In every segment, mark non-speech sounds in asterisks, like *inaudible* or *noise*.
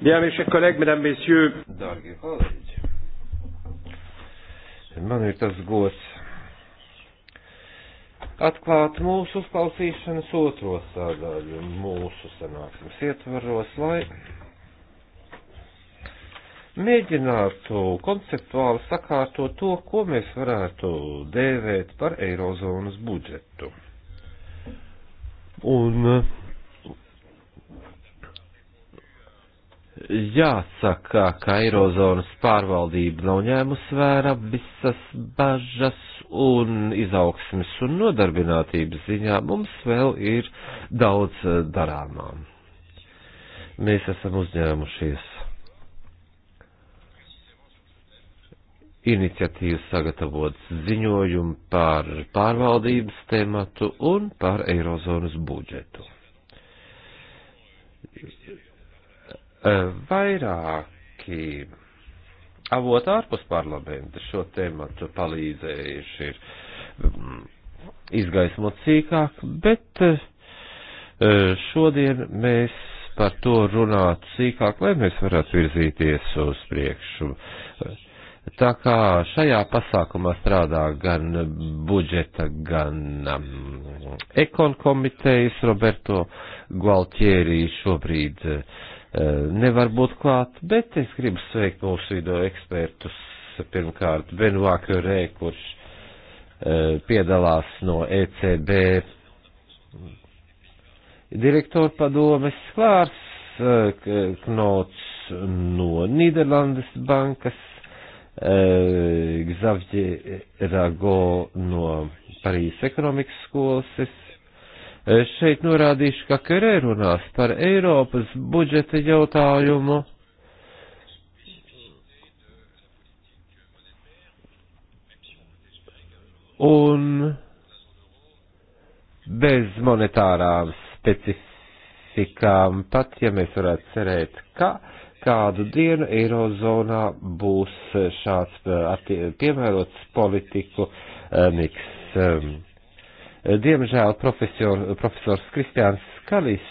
Bien, mes chers collègues, mesdames, messieurs. Dārgie kolēģi, man ir tas gods atklāt mūsu uzklausīšanas otro sādaļu mūsu sanāksmes ietvaros, lai mēģinātu konceptuāli sakārtot to, ko mēs varētu dēvēt par Eirozonas budžetu. Un uh, jāsaka, ka Eirozonas pārvaldība nav ņēmusi vērā visas bažas un izaugsmes un nodarbinātības ziņā. Mums vēl ir daudz eh, darāmā. Mēs esam uzņēmušies iniciatīvu sagatavot ziņojumu par pārvaldības tematu un par Eirozonas budžetu Eh, vairāki avot ārpus parlamenta šo tēmatu palīdzējuši ir mm, izgaismot sīkāk, bet eh, eh, šodien mēs par to runāt sīkāk, lai mēs varētu virzīties uz priekšu. Tā kā šajā pasākumā strādā gan budžeta, gan um, ekon komitejas Roberto Gualtieri šobrīd uh, Eh, nevar būt klāt, bet es gribu sveikt mūsu video ekspertus, pirmkārt Benuāku Rē, kurš eh, piedalās no ECB direktora padomes klārs eh, Knots no Nīderlandes bankas, Gzavģi Rago no Parīzes ekonomikas skolas. Es Šeit norādīšu, ka Kerē runās par Eiropas budžeta jautājumu. Un bez monetārām specifikām, pat ja mēs varētu cerēt, ka kādu dienu Eirozonā būs šāds eh, piemērots politiku eh, miks. Um, Diemžēl profesor, profesors Kristiāns Skalis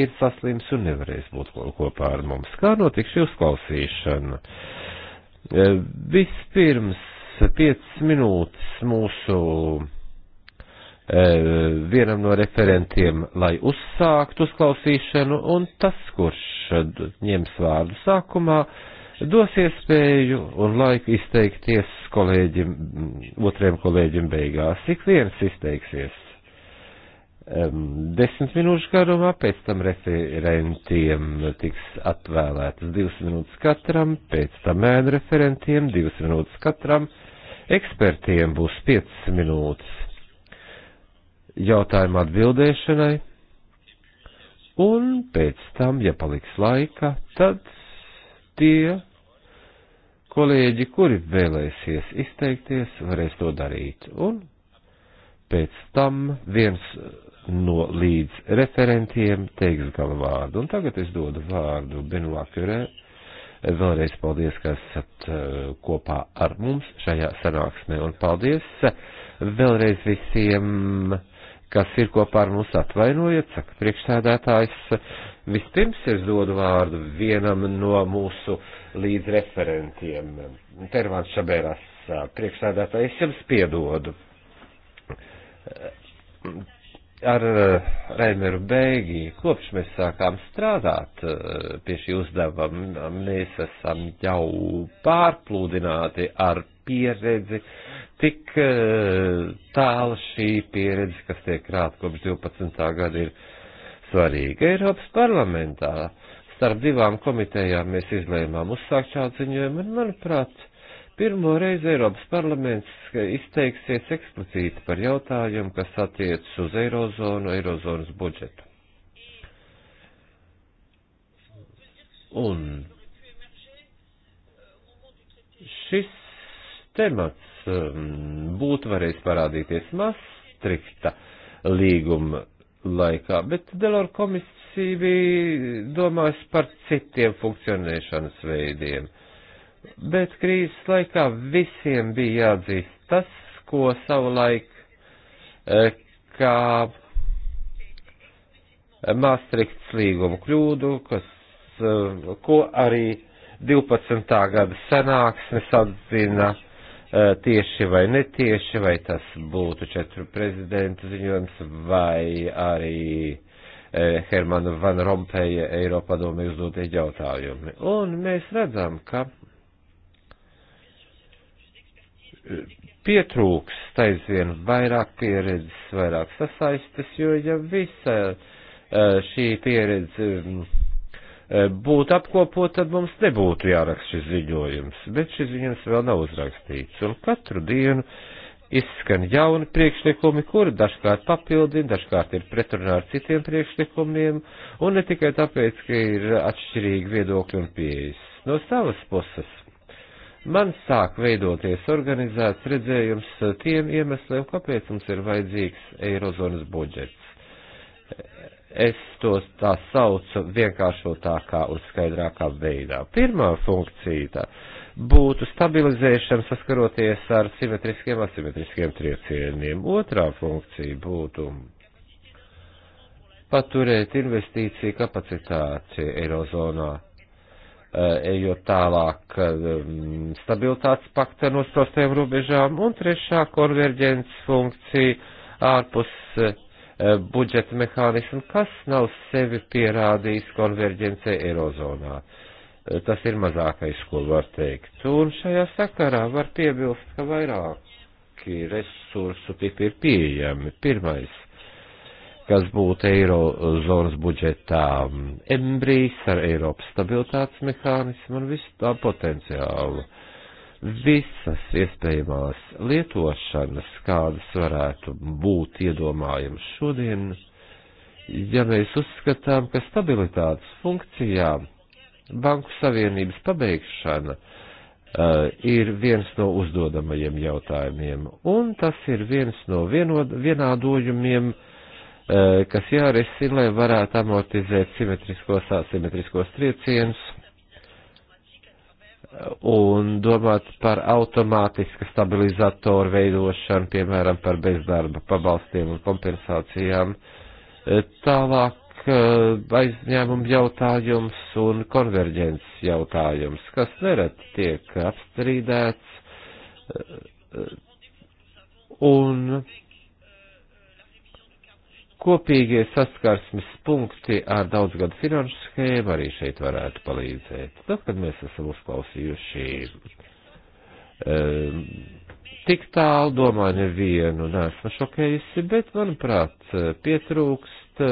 ir saslims un nevarēs būt kopā ar mums. Kā notiks šī uzklausīšana? E, vispirms 5 minūtes mūsu e, vienam no referentiem, lai uzsāktu uzklausīšanu, un tas, kurš ņems vārdu sākumā, dos iespēju un laiku izteikties kolēģim, otriem kolēģim beigās. Ik viens izteiksies um, desmit minūšu garumā, pēc tam referentiem tiks atvēlētas divas minūtes katram, pēc tam mēnu referentiem divas minūtes katram, ekspertiem būs piecas minūtes jautājumu atbildēšanai, un pēc tam, ja paliks laika, tad tie Kolēģi, kuri vēlēsies izteikties, varēs to darīt, un pēc tam viens no līdz referentiem teiks galvārdu. Un tagad es dodu vārdu Benoā Fjurē. Vēlreiz paldies, ka esat eh, kopā ar mums šajā sanāksmē, un paldies eh, vēlreiz visiem kas ir kopā ar mums atvainojiet, saka priekšsēdētājs. Vispirms es dodu vārdu vienam no mūsu līdzreferentiem, Tervāns Šabēras priekšsēdētājs, jums piedodu. Ar eh, Reimeru Bēgi, kopš mēs sākām strādāt eh, pie šī uzdevuma, mēs esam jau pārplūdināti ar pieredzi, cik eh, tāla šī pieredze, kas tiek krāta kopš 12. gada, ir svarīga. Eiropas parlamentā starp divām komitejām mēs izlēmām uzsākt šādu ziņojumu, un, manuprāt, Pirmo reizi Eiropas parlaments izteiksies eksplicīti par jautājumu, kas attiecas uz Eirozonu, Eirozonas budžetu. Un šis temats um, būtu varējis parādīties Maastrichta līguma laikā, bet Delora komisija bija domājusi par citiem funkcionēšanas veidiem. Bet krīzes laikā visiem bija jāatzīst tas, ko savulaik eh, kā Maastrichts līgumu kļūdu, kas, eh, ko arī 12. gada sanāksmes atzina Eh, tieši vai netieši, vai tas būtu četru prezidentu ziņojums, vai arī eh, Hermana Van Rompeja Eiropadomē uzdotie jautājumi. Un mēs redzam, ka eh, pietrūks taisvien vairāk pieredzes, vairāk sasaistes, jo ja visa šī pieredze mm, Eh, būtu apkopot, tad mums nebūtu jāraksta šis ziņojums, bet šis ziņojums vēl nav uzrakstīts, un katru dienu izskan jauni priekšlikumi, kuri dažkārt papildina, dažkārt ir pretrunā ar citiem priekšlikumiem, un ne tikai tāpēc, ka ir atšķirīgi viedokļi un pieejas. No savas puses man sāk veidoties organizēts redzējums tiem iemesliem, kāpēc mums ir vajadzīgs Eirozonas budžets es tos tā saucu vienkāršotākā un skaidrākā veidā. Pirmā funkcija tā būtu stabilizēšana saskaroties ar simetriskiem, asimetriskiem triecieniem. Otrā funkcija būtu paturēt investīciju kapacitāti Eirozonā, ejot eh, tālāk ehm, stabilitātes pakta nostostajām robežām. Un trešā konverģents funkcija ārpus eh, Eh, budžeta mehānismu, kas nav sevi pierādījis konverģencē Eirozonā. Eh, tas ir mazākais, ko var teikt. Un šajā sakarā var piebilst, ka vairāki resursu tipi ir pieejami. Pirmais, kas būtu Eirozonas budžetā mm, embrijs ar Eiropas stabilitātes mehānismu un visu tā potenciālu. Uh, visas iespējamās lietošanas, kādas varētu būt iedomājams šodien, ja mēs uzskatām, ka stabilitātes funkcijā Banku Savienības pabeigšana uh, ir viens no uzdodamajiem jautājumiem, un tas ir viens no vienod, vienādojumiem, uh, kas jārisina, lai varētu amortizēt simetriskos, asimetriskos triecienus un domāt par automātiska stabilizatoru veidošanu, piemēram, par bezdarba pabalstiem un kompensācijām. Tālāk eh, aizņēmumu jautājums un konverģences jautājums, kas nereti tiek apstrīdēts. Eh, un Kopīgie saskarsmes punkti ar daudzgadu finanšu schēmu arī šeit varētu palīdzēt. Tad, nu, kad mēs esam uzklausījuši um, tik tālu, domāju, nevienu nesmu šokējusi, bet, manuprāt, pietrūkst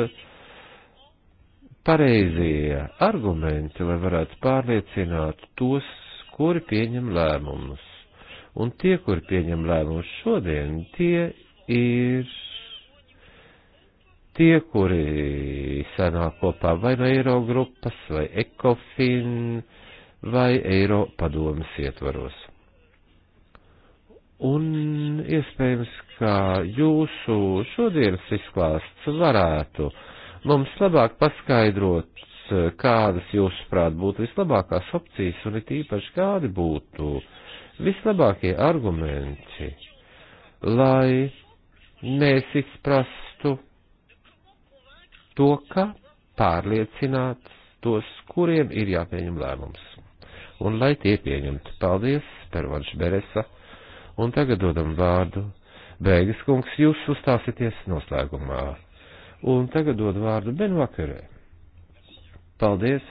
pareizie argumenti, lai varētu pārliecināt tos, kuri pieņem lēmumus. Un tie, kuri pieņem lēmumus šodien, tie ir tie, kuri sanāk kopā vai no Eiro grupas, vai Ekofin, vai Eiro padomas ietvaros. Un iespējams, ka jūsu šodienas izklāsts varētu mums labāk paskaidrot, kādas jūsuprāt būtu vislabākās opcijas un it īpaši kādi būtu vislabākie argumenti, lai mēs izprastu to, ka pārliecināt tos, kuriem ir jāpieņem lēmums. Un lai tie pieņemtu. Paldies, Pervanš Beresa. Un tagad dodam vārdu. Beigas kungs, jūs uzstāsieties noslēgumā. Un tagad dod vārdu Benvakarē. Paldies!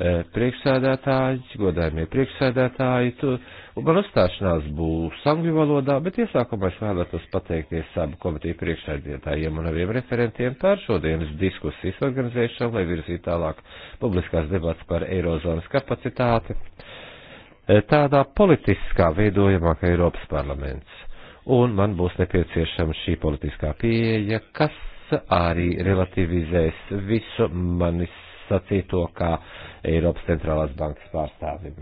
Eh, priekšsēdētāji, godājumie priekšsēdētāji, tu, un man uzstāšanās būs angļu valodā, bet iesākumā es vēlētos pateikties abu komiteju priekšsēdētājiem un abiem referentiem par šodienas diskusijas organizēšanu, lai virzītu tālāk publiskās debats par eirozonas kapacitāti eh, tādā politiskā veidojumā, kā Eiropas parlaments. Un man būs nepieciešama šī politiskā pieeja, kas arī relativizēs visu manis sacīto kā Eiropas centrālās bankas pārstāvi.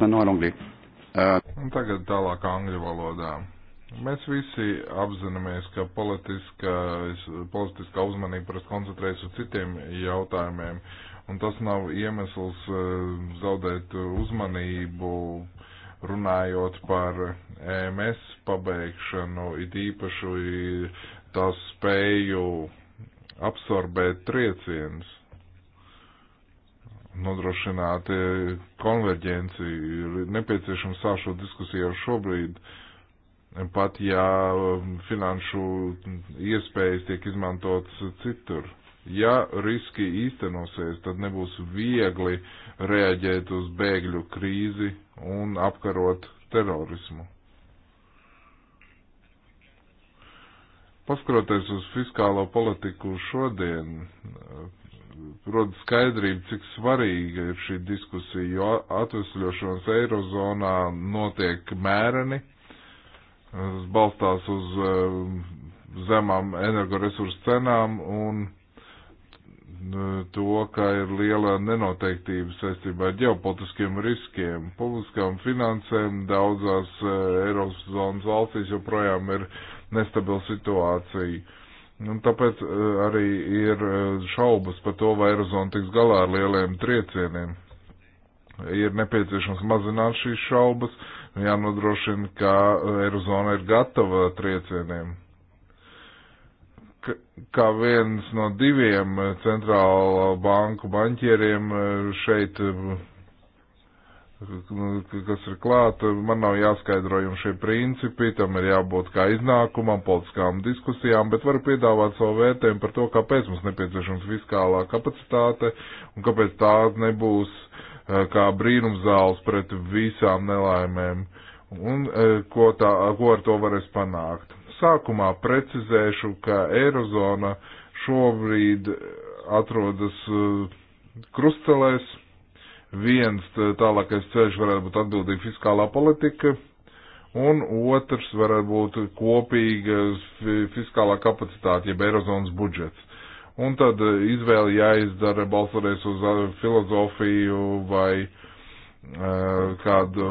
Man norunglī. Un tagad tālāk angļu valodā. Mēs visi apzināmies, ka politiskā, politiskā uzmanība parasti koncentrējas uz citiem jautājumiem, un tas nav iemesls eh, zaudēt uzmanību runājot par EMS pabeigšanu, it īpaši tās spēju absorbēt triecienus nodrošināt eh, konverģenci. Ir nepieciešams sākt šo diskusiju jau šobrīd, pat ja um, finanšu iespējas tiek izmantotas citur. Ja riski īstenosies, tad nebūs viegli reaģēt uz bēgļu krīzi un apkarot terorismu. Paskroties uz fiskālo politiku šodien, rod skaidrību, cik svarīga ir šī diskusija, jo atvesļošanas Eirozonā notiek mēreni, balstās uz eh, zemām energoresursu cenām un eh, to, ka ir liela nenoteiktība saistībā ar ģeopolitiskiem riskiem, publiskām finansēm, daudzās eh, Eiropas zonas valstīs joprojām ir nestabila situācija Un nu, tāpēc eh, arī ir eh, šaubas par to, vai Eirozona tiks galā ar lieliem triecieniem. Ir nepieciešams mazināt šīs šaubas, jānodrošina, ka Eirozona eh, ir gatava triecieniem kā viens no diviem centrālo banku banķieriem šeit kas ir klāt, man nav jāskaidro jums šie principi, tam ir jābūt kā iznākumam, politiskām diskusijām, bet varu piedāvāt savu vērtējumu par to, kāpēc mums nepieciešams fiskālā kapacitāte un kāpēc tā nebūs eh, kā brīnumzāles pret visām nelaimēm un eh, ko, tā, ko ar to varēs panākt. Sākumā precizēšu, ka Eirozona šobrīd eh, atrodas krustelēs Viens tālākais ceļš varētu būt atbildīga fiskālā politika, un otrs varētu būt kopīga fiskālā kapacitāte, jeb Eirozonas budžets. Un tad e, izvēle jāizdara balsoties uz e, filozofiju vai uh, kādu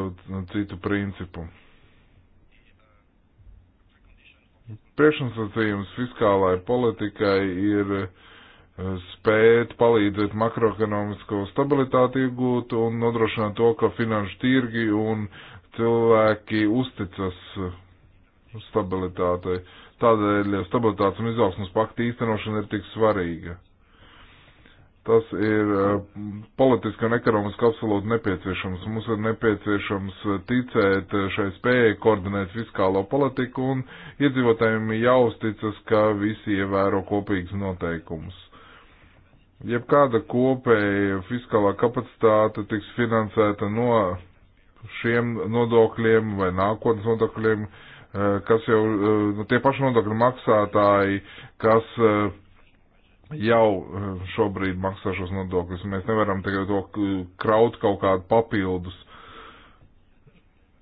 citu principu. Priekšnosacījums fiskālai politikai ir uh, spēt palīdzēt makroekonomisko stabilitāti iegūt un nodrošināt to, ka finanšu tirgi un cilvēki uzticas stabilitātei. Tādēļ stabilitātes un izaugsmas pakta īstenošana ir tik svarīga. Tas ir eh, politiski un ekonomiski absolūti nepieciešams. Mums ir nepieciešams ticēt šai spējai koordinēt fiskālo politiku un iedzīvotājiem jāuzticas, ka visi ievēro kopīgas noteikumus. Jebkāda kopēja fiskālā kapacitāte tiks finansēta no šiem nodokļiem vai nākotnes nodokļiem, eh, kas jau nu, tie paši nodokļu maksātāji, kas eh, jau šobrīd maksā šos nodokļus. Mēs nevaram tagad to kraut kaut kādu papildus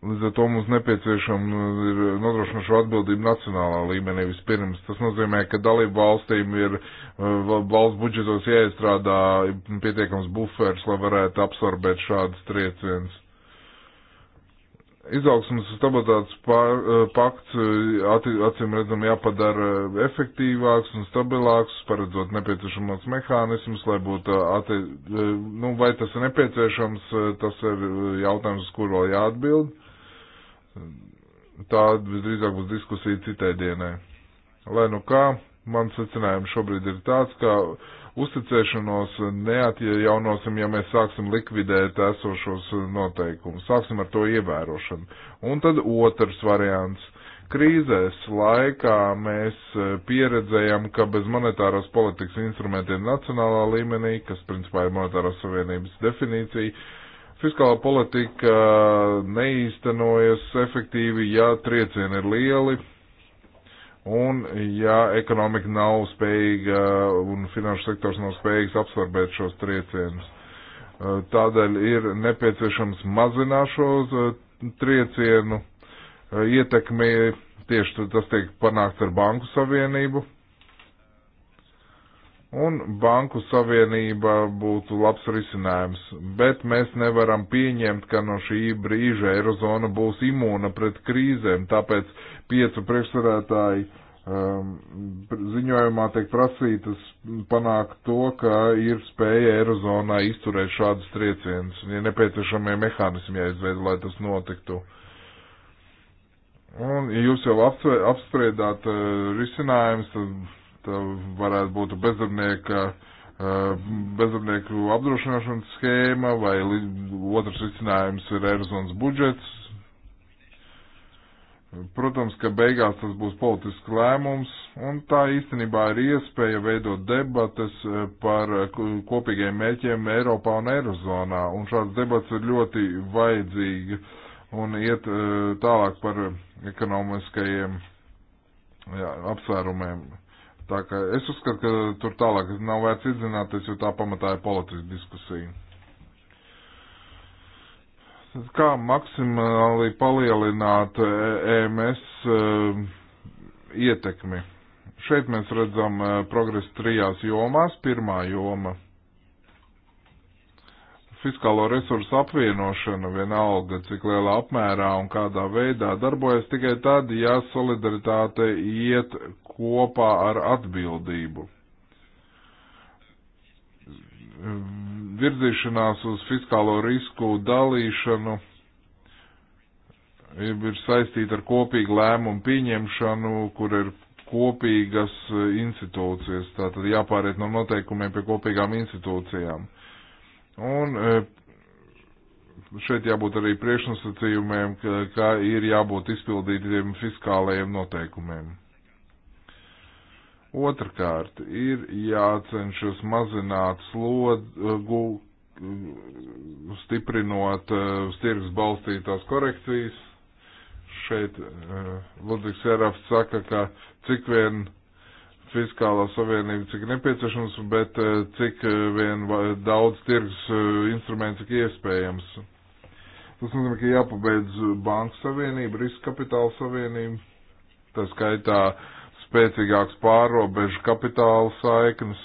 Līdz ar to mums nepieciešama uh, ir nodrošinoša atbildība nacionālā līmenī vispirms. Tas nozīmē, ka dalību valstīm ir uh, valsts budžetos jāiestrādā pietiekams bufers, lai varētu absorbēt šādas trieciens. Izaugsmas stabilitātes uh, pakts acīm redzam jāpadara efektīvāks un stabilāks, paredzot nepieciešamos mehānismus, lai būtu, atti, nu, vai tas ir nepieciešams, tas ir jautājums, uz kuru vēl jāatbild. Tā visdrīzāk būs diskusija citai dienai. Lai nu kā, man secinājums šobrīd ir tāds, ka uzticēšanos neatjaunosim, ja mēs sāksim likvidēt esošos noteikumus. Sāksim ar to ievērošanu. Un tad otrs variants. Krīzēs laikā mēs pieredzējām, ka bez monetāras politikas instrumentiem nacionālā līmenī, kas principā ir monetārās savienības definīcija, Fiskālā politika neīstenojas efektīvi, ja triecieni ir lieli un ja ekonomika nav spējīga un finanšu sektors nav spējīgs absorbēt šos triecienus. Tādēļ ir nepieciešams mazināt šo triecienu ietekmi, tieši tas tiek panākts ar Banku Savienību un banku savienība būtu labs risinājums, bet mēs nevaram pieņemt, ka no šī brīža Eirozona būs imūna pret krīzēm, tāpēc piecu priekšsarētāju um, ziņojumā tiek prasītas panākt to, ka ir spēja Eirozonā izturēt šādus triecienus, ja nepieciešamie mehānismi jāizveido, lai tas notiktu. Un, ja jūs jau apspriedāt uh, risinājumus, tad Tā eh, varētu būt bezdarbnieka, eh, bezdarbnieku apdrošināšanas schēma vai otrs risinājums ir Eirozonas budžets. Protams, ka beigās tas būs politisks lēmums, un tā īstenībā ir iespēja veidot debates eh, par kopīgiem mēķiem Eiropā un Eirozonā, un šāds debats ir ļoti vajadzīgi un iet tālāk par ekonomiskajiem jā, apsvērumiem. Tā kā es uzskatu, ka tur tālāk nav vērts iedzināties, jo tā pamatā ir politiska diskusija. Kā maksimāli palielināt EMS e e, ietekmi? Šeit mēs redzam e, progresu trijās jomās. Pirmā joma fiskālo resursu apvienošana vienalga, cik lielā apmērā un kādā veidā darbojas tikai tad, ja solidaritāte iet kopā ar atbildību. Virzīšanās uz fiskālo risku dalīšanu ir saistīta ar kopīgu lēmumu pieņemšanu, kur ir kopīgas institūcijas. Tātad jāpāriet no noteikumiem pie kopīgām institūcijām. Uh, Un e, šeit jābūt arī priekšnosacījumiem, ka, ka ir jābūt izpildītiem fiskālajiem noteikumiem. Otrakārt, ir jācenšas mazināt slogu, stiprinot stirgs e, balstītās korekcijas. Šeit e, Ludvigs Erafs saka, ka cik vien fiskālā savienība, cik nepieciešams, bet eh, cik eh, vien daudz tirgus eh, instruments, cik iespējams. Tas nozīmē, ka jāpabeidz banka savienība, riska kapitāla savienība, tā skaitā spēcīgāks pārobežu kapitāla saiknes.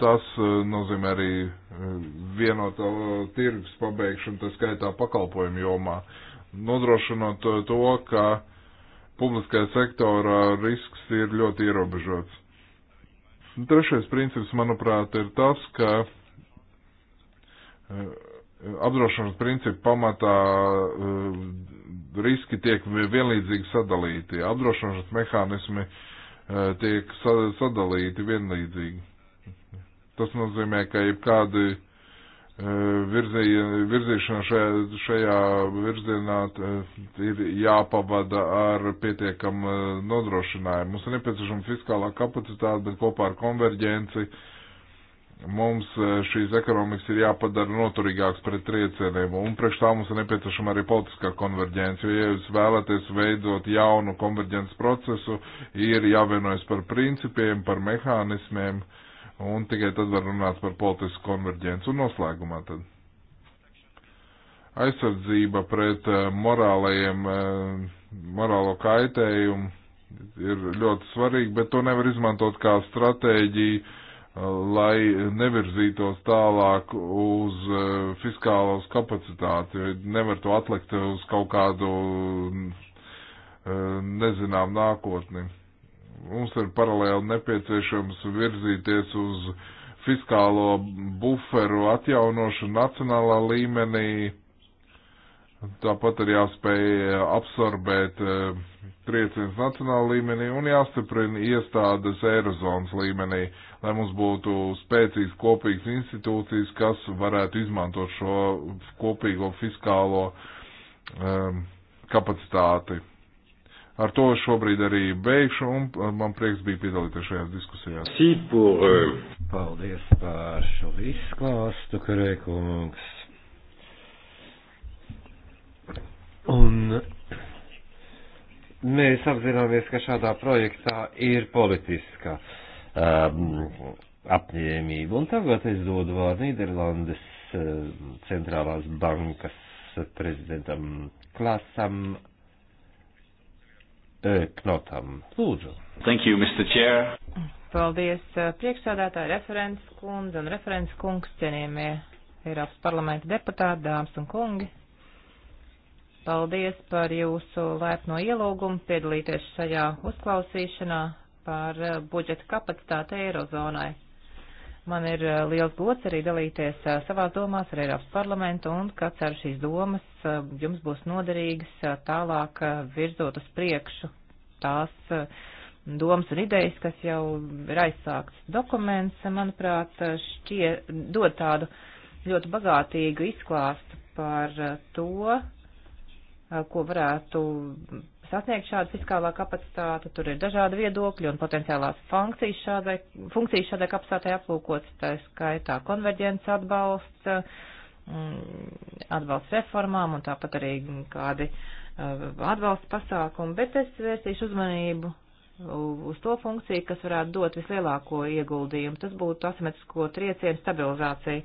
Tas nozīmē arī vienotā tirgus pabeigšanu, tā skaitā pakalpojumu jomā, nodrošinot to, ka uh, publiskajā sektorā risks ir ļoti ierobežots. Trešais princips, manuprāt, ir tas, ka eh, apdrošināšanas principu pamatā eh, riski tiek vienlīdzīgi sadalīti. Apdrošināšanas mehānismi eh, tiek sadalīti vienlīdzīgi. Tas nozīmē, ka jebkādi ja virzīja, virzīšana šajā, šajā virzienā ir jāpavada ar pietiekamu nodrošinājumu. Mums ir nepieciešama fiskālā kapacitāte, bet kopā ar konverģenci mums šīs ekonomikas ir jāpadara noturīgāks pret triecieniem. Un priekš tā mums ir nepieciešama arī politiskā konverģence, jo, ja jūs vēlaties veidot jaunu konverģences procesu, ir jāvienojas par principiem, par mehānismiem. Uh, un tikai tad var runāt par politisku konverģenci un noslēgumā tad. Aizsardzība pret eh, morālajiem, eh, morālo kaitējumu ir ļoti svarīga, bet to nevar izmantot kā stratēģiju, eh, lai nevirzītos tālāk uz fiskālos kapacitāti. Nevar to atlikt uz kaut kādu nezinām nākotni Mums ir paralēli nepieciešams virzīties uz fiskālo buferu atjaunošanu nacionālā līmenī. Tāpat ir jāspēj absorbēt e, trieciens nacionāla līmenī un jāstiprina iestādes Eirozonas līmenī, lai mums būtu spēcīgas kopīgas institūcijas, kas varētu izmantot šo kopīgo fiskālo um, kapacitāti. Ar to šobrīd arī beigšu, un uh, man prieks bija piedalīties šajās diskusijās. Sīpur. Euh, Paldies par šo izklāstu, Karēkungs. Un mēs apzināmies, ka šādā projektā ir politiska um, apņēmība. Un tagad es dodu vārdu Nīderlandes uh, centrālās bankas prezidentam Klasam Knotam. Lūdzu. Thank you, Mr. Chair. Paldies, uh, priekšsādātāji, referents kundze un referents kungs, cienījamie Eiropas parlamenta deputāti, dāmas un kungi. Paldies par jūsu laipno ielūgumu piedalīties šajā uzklausīšanā par uh, budžeta kapacitāti Eirozonai. Man ir eh, liels gods arī dalīties eh, savās domās ar Eiropas parlamentu un ka ceru šīs domas eh, jums būs noderīgas tālāk virzot uz priekšu tās domas un idejas, kas jau ir aizsākts dokuments, manuprāt, šķie dod tādu ļoti bagātīgu izklāstu par to, ko varētu sasniegt šādu fiskālā kapacitāti, tur ir dažādi viedokļi un potenciālās funkcijas šādai, funkcijas šādai kapacitātei aplūkots, tā skaitā konverģents atbalsts, mm, atbalsts reformām un tāpat arī kādi eh, atbalsts pasākumi, bet es vērstīšu uzmanību uz to funkciju, kas varētu dot vislielāko ieguldījumu. Tas būtu asimetrisko triecienu stabilizācija.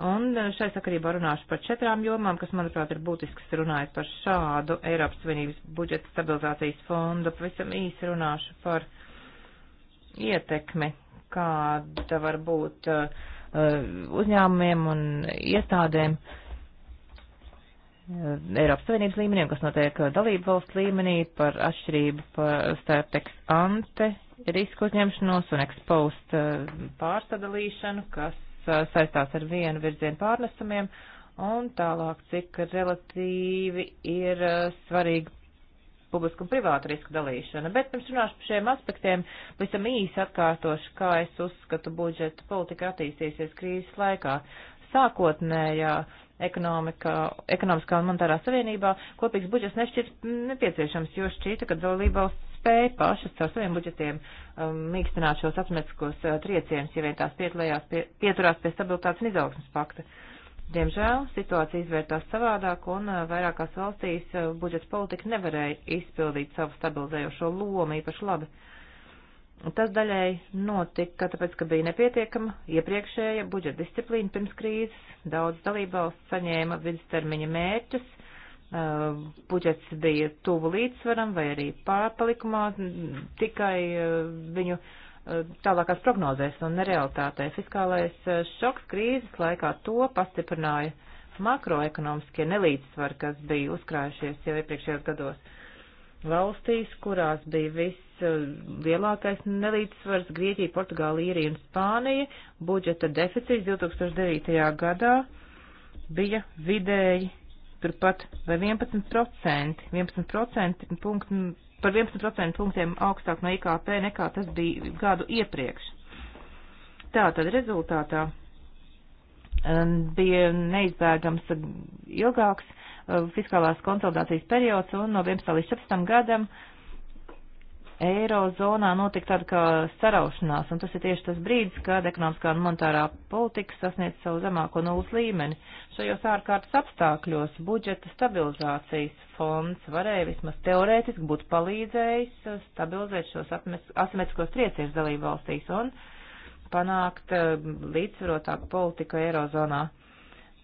Un e, šai sakarībā runāšu par četrām jomām, kas, manuprāt, ir būtisks runājot par šādu Eiropas Savienības budžeta stabilizācijas fondu. Pavisam īsi runāšu par ietekmi, kāda var būt uh, uzņēmumiem un iestādēm uh, Eiropas Savienības līmeniem, kas notiek dalību valsts līmenī par atšķirību par starp ex ante risku uzņemšanos un ex post uh, pārsadalīšanu, kas saistās ar vienu virzienu pārnesumiem, un tālāk, cik relatīvi ir svarīga publisku un privātu risku dalīšana. Bet pirms runāšu par šiem aspektiem, visam īsi atkārtošu, kā es uzskatu budžeta politika attīstīsies krīzes laikā. Sākotnējā ekonomiskā un monetārā savienībā kopīgs budžets nešķiet nepieciešams, jo šķīta, ka dalībvalsts spēja pašas caur saviem budžetiem um, mīkstināt šos atmetiskos uh, triecienus, ja vien tās pie, pieturās pie stabilitātes un izaugsmas pakta. Diemžēl situācija izvērtās savādāk, un uh, vairākās valstīs uh, budžets politika nevarēja izpildīt savu stabilizējošo lomu īpaši labi. Tas daļai notika, tāpēc, ka bija nepietiekama iepriekšēja budžeta disciplīna pirms krīzes, daudz dalībvalsts saņēma vidustermiņa mērķus, Eh, budžets bija tuvu līdzsvaram vai arī pārpalikumā tikai eh, viņu eh, tālākās prognozēs un nerealitātē. Fiskālais šoks krīzes laikā to pastiprināja makroekonomiskie nelīdzsvari, kas bija uzkrājušies jau iepriekšējos gados. Valstīs, kurās bija vislielākais nelīdzsvars - Grieķija, Portugāla, Īrija un Spānija, budžeta deficīts 2009. gadā bija vidēji turpat vai 11%, 11% punktu, par 11% punktiem augstāk no IKP nekā tas bija gadu iepriekš. Tātad rezultātā um, bija neizbēgams ilgāks uh, fiskālās konsolidācijas periods un no 11. līdz 14. gadam uh, Eirozonā notika tāda kā saraušanās, un tas ir tieši tas brīdis, kad ekonomiskā un monetārā politika sasniedz savu zemāko nulles līmeni. Šajos ārkārtas apstākļos budžeta stabilizācijas fonds varēja vismaz teorētiski būt palīdzējis stabilizēt šos asimetriskos triecienus dalību valstīs un panākt eh, līdzsvarotāku politiku Eirozonā.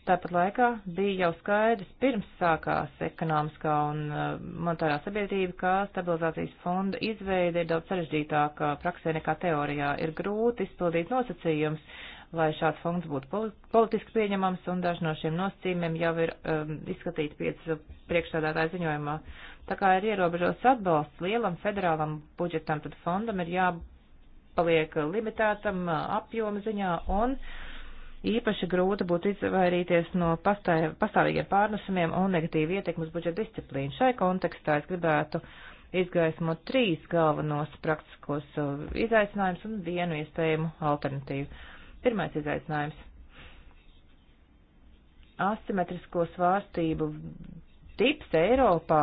Tāpat laikā bija jau skaidrs pirms sākās ekonomiskā un uh, monetārā sabiedrība, ka stabilizācijas fonda izveide ir daudz sarežģītākā praksē nekā teorijā. Ir grūti izpildīt nosacījums, lai šāds fonds būtu politiski pieņemams, un daži no šiem nosacījumiem jau ir um, izskatīti piecu uh, priekšstādātāju ziņojumā. Tā kā ir ierobežots atbalsts lielam federālam budžetam, tad fondam ir jāpaliek limitētam uh, apjoma ziņā un. Uh, īpaši grūti būtu izvairīties no pastāv, pastāvīgiem pārnesumiem un negatīvu ietekmu uz budžeta disciplīnu. Šai kontekstā es gribētu izgaismot trīs galvenos praktiskos uh, izaicinājumus un vienu iespējamu alternatīvu. Pirmais izaicinājums - asimetrisko svārstību tips Eiropā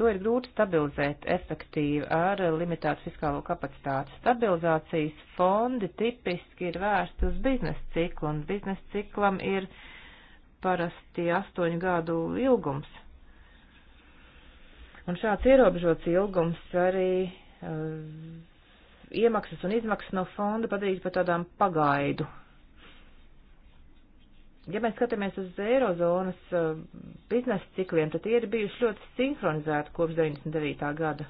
to ir grūti stabilizēt efektīvi ar limitētu fiskālo kapacitāti. Stabilizācijas fondi tipiski ir vērsti uz biznesa ciklu, un biznesa ciklam ir parasti astoņu gadu ilgums. Un šāds ierobežots ilgums arī uh, iemaksas un izmaksas no fonda padarīs par tādām pagaidu Ja mēs skatāmies uz eirozonas eh, biznesa cikliem, tad tie ir bijuši ļoti sinhronizēti kopš 99. gada.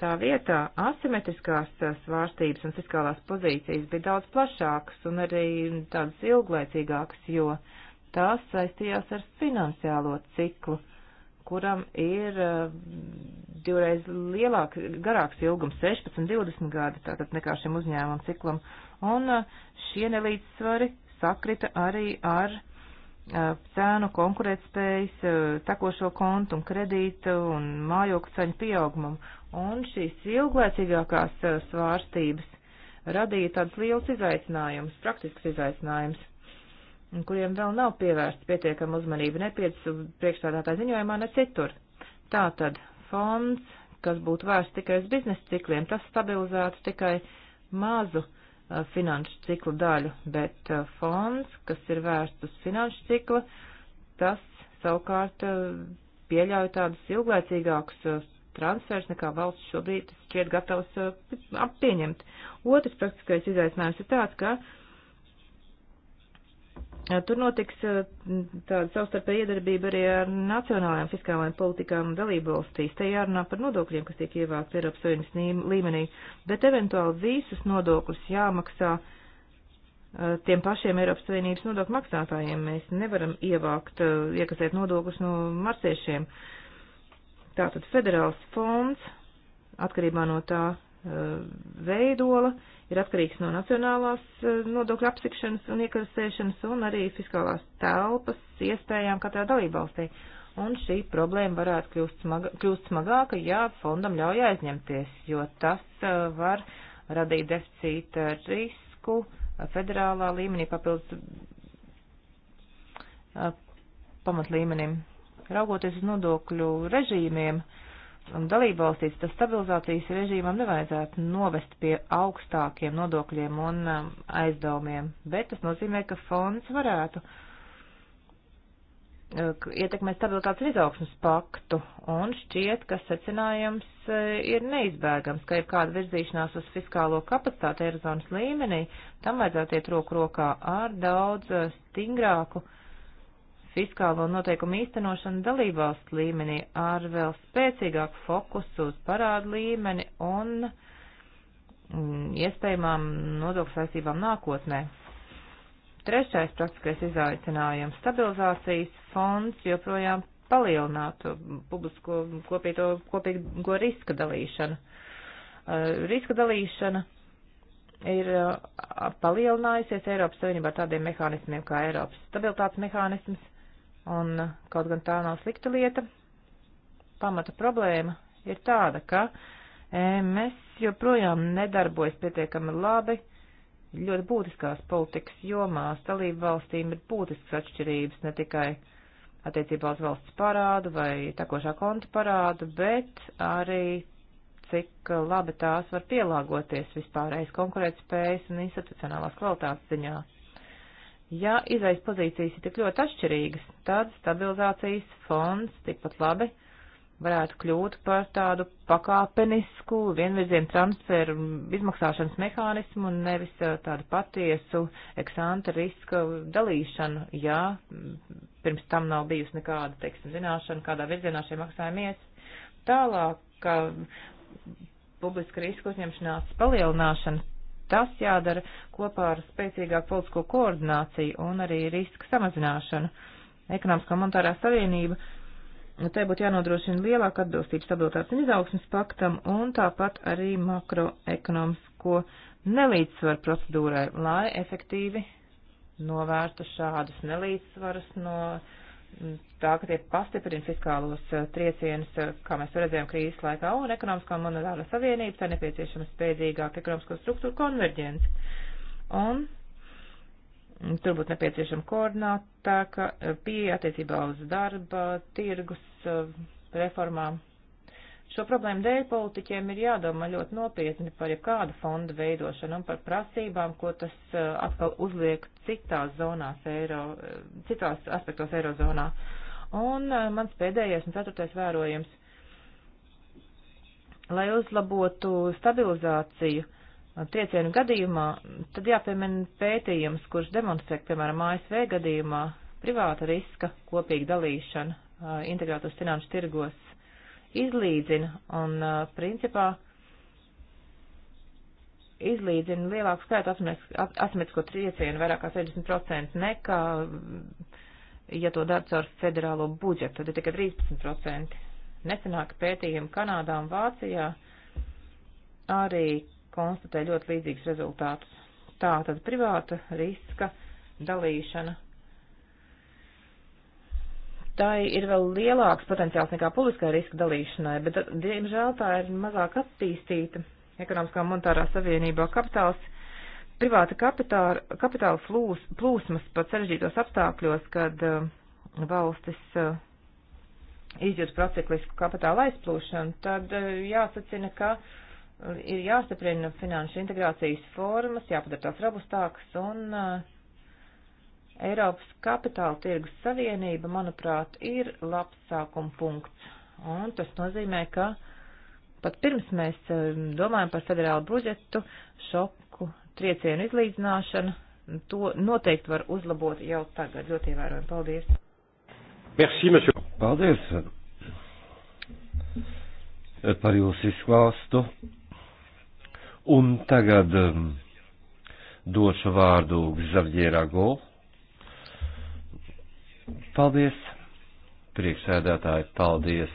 Tā vietā asimetriskās eh, svārstības un fiskālās pozīcijas bija daudz plašākas un arī tādas ilglaicīgākas, jo tās saistījās ar finansiālo ciklu, kuram ir eh, divreiz lielāks, garāks ilgums - 16, 20 gadi, tātad nekā šim uzņēmumam ciklam. Un šie nelīdzsvari sakrita arī ar cēnu konkurētspējas tekošo kontu un kredītu un mājokļu ceļu pieaugumam. Un šīs ilglaicīgākās svārstības radīja tādus liels izaicinājumus, praktisks izaicinājums, kuriem vēl nav pievērsts pietiekama uzmanība ne priekšstādātā ziņojumā, ne citur. Tātad fonds, kas būtu vērsts tikai uz biznesa cikliem, tas stabilizētu tikai mazu Uh, finanšu ciklu daļu, bet uh, fonds, kas ir vērsts uz finanšu ciklu, tas savukārt uh, pieļauj tādus ilglaicīgākus transfers nekā valsts šobrīd šķiet gatavs pieņemt. Otrs praktiskais izaicinājums ir tāds, ka uh, Eh, tur notiks eh, tāda savstarpēja iedarbība arī ar nacionālajām fiskālajām politikām dalību valstīs. Te jārunā par nodokļiem, kas tiek ievākts Eiropas Savienības līmenī, bet eventuāli visus nodokļus jāmaksā eh, tiem pašiem Eiropas Savienības nodokļu maksātājiem. Mēs nevaram ievākt, iekasēt nodokļus no marsiešiem. Tātad federāls fonds atkarībā no tā veidola. Uh, ir atkarīgs no nacionālās eh, nodokļu apsikšanas un iekasēšanas un arī fiskālās telpas iespējām katrā dalībvalstī. Un šī problēma varētu kļūst, smaga, kļūst smagāka, ja fondam ļauj aizņemties, jo tas eh, var radīt deficīta risku eh, federālā līmenī papildus pamatlīmenim. Raugoties uz nodokļu režīmiem, uh, un dalībvalstīs, tas stabilizācijas režīmam nevajadzētu novest pie augstākiem nodokļiem un um, aizdevumiem, bet tas nozīmē, ka fonds varētu uh, ietekmēt stabilitātes izaugsmas paktu, un šķiet, ka secinājums uh, ir neizbēgams, ka ir kāda virzīšanās uz fiskālo kapacitāti Eirozonas līmenī, tam vajadzētu iet roku rokā ar daudz uh, stingrāku uh, fiskālo noteikumu īstenošanu dalībvalstu līmenī ar vēl spēcīgāku fokusu uz parādu līmeni un mm, iespējamām nodokļu saistībām nākotnē. Trešais praktiskais izaicinājums - stabilizācijas fonds joprojām palielinātu publisko kopīto, kopīgo riska dalīšanu. Eh, riska dalīšana ir eh, palielinājusies Eiropas Savienībā tādiem mehānismiem kā Eiropas stabilitātes mehānisms, Un kaut gan tā nav slikta lieta, pamata problēma ir tāda, ka e mēs joprojām nedarbojas pietiekami labi ļoti būtiskās politikas jomās. Dalību valstīm ir būtiskas atšķirības ne tikai attiecībā uz valsts parādu vai takošā konta parādu, bet arī cik labi tās var pielāgoties vispārējais konkurētspējas un institucionālās kvalitātes ziņās. Ja izējas pozīcijas ir tik ļoti atšķirīgas, tad stabilizācijas fonds tikpat labi varētu kļūt par tādu pakāpenisku vienvirzienu transferu izmaksāšanas mehānismu un nevis uh, tādu patiesu eksanta riska dalīšanu, ja mm, pirms tam nav bijusi nekāda, teiksim, zināšana, kādā virzienā šie maksājumi ies. Tālāk, ka publiska riska uzņemšanās palielināšana tas jādara kopā ar spēcīgāku politisko koordināciju un arī riska samazināšanu. Ekonomiskā monetārā savienība, tai būtu jānodrošina lielāka atbilstība stabilitātes un izaugsmas paktam un tāpat arī makroekonomisko nelīdzsvaru procedūrai, lai efektīvi novērstu šādus nelīdzsvarus no tā, ka tie pastiprina fiskālos eh, triecienus, eh, kā mēs to redzējām krīzes laikā, un ekonomiskā un monetārā savienība, tā nepieciešama spēcīgāka ekonomisko struktūru konverģence. Un tur būtu nepieciešama koordinātāka eh, pieeja attiecībā uz darba, tirgus reformām. Šo problēmu dēļ politiķiem ir jādomā ļoti nopietni par jebkādu fondu veidošanu un par prasībām, ko tas eh, atkal uzliek citās zonās, eiro, eh, citās aspektos eirozonā. Un eh, mans pēdējais un ceturtais vērojums. Lai uzlabotu stabilizāciju triecienu gadījumā, tad jāpiemina pētījums, kurš demonstrē, piemēram, ASV gadījumā privāta riska kopīga dalīšana integrētos finanšu tirgos izlīdzina un, uh, principā, izlīdzina lielāku skaitu asmetisko triecienu, vairāk kā 60% nekā, mm, ja to dara caur federālo budžetu, tad ir tikai 13%. Nesenāk pētījumi Kanādā un Vācijā arī konstatē ļoti līdzīgus rezultātus. Tā tad privāta riska dalīšana tai ir vēl lielāks potenciāls nekā publiskā riska dalīšanai, bet, diemžēl, tā ir mazāk attīstīta ekonomiskā monetārā savienībā kapitāls. Privāta kapitāla, kapitāla flūs, plūsmas pat sarežģītos apstākļos, kad uh, valstis uh, izjūt prociklisku kapitāla aizplūšanu, tad uh, jāsacina, ka uh, ir jāstiprina finanšu integrācijas formas, jāpadara tās robustākas un uh, Eiropas kapitāla tirgus savienība, manuprāt, ir labs sākuma punkts. Un tas nozīmē, ka pat pirms mēs um, domājam par federālu budžetu, šoku triecienu izlīdzināšanu, to noteikti var uzlabot jau tagad. Ļoti ievērojami. Paldies. Merci, monsieur. Paldies par jūsu izklāstu. Un tagad um, došu vārdu Xavierā Golu Paldies, priekšsēdētāji, paldies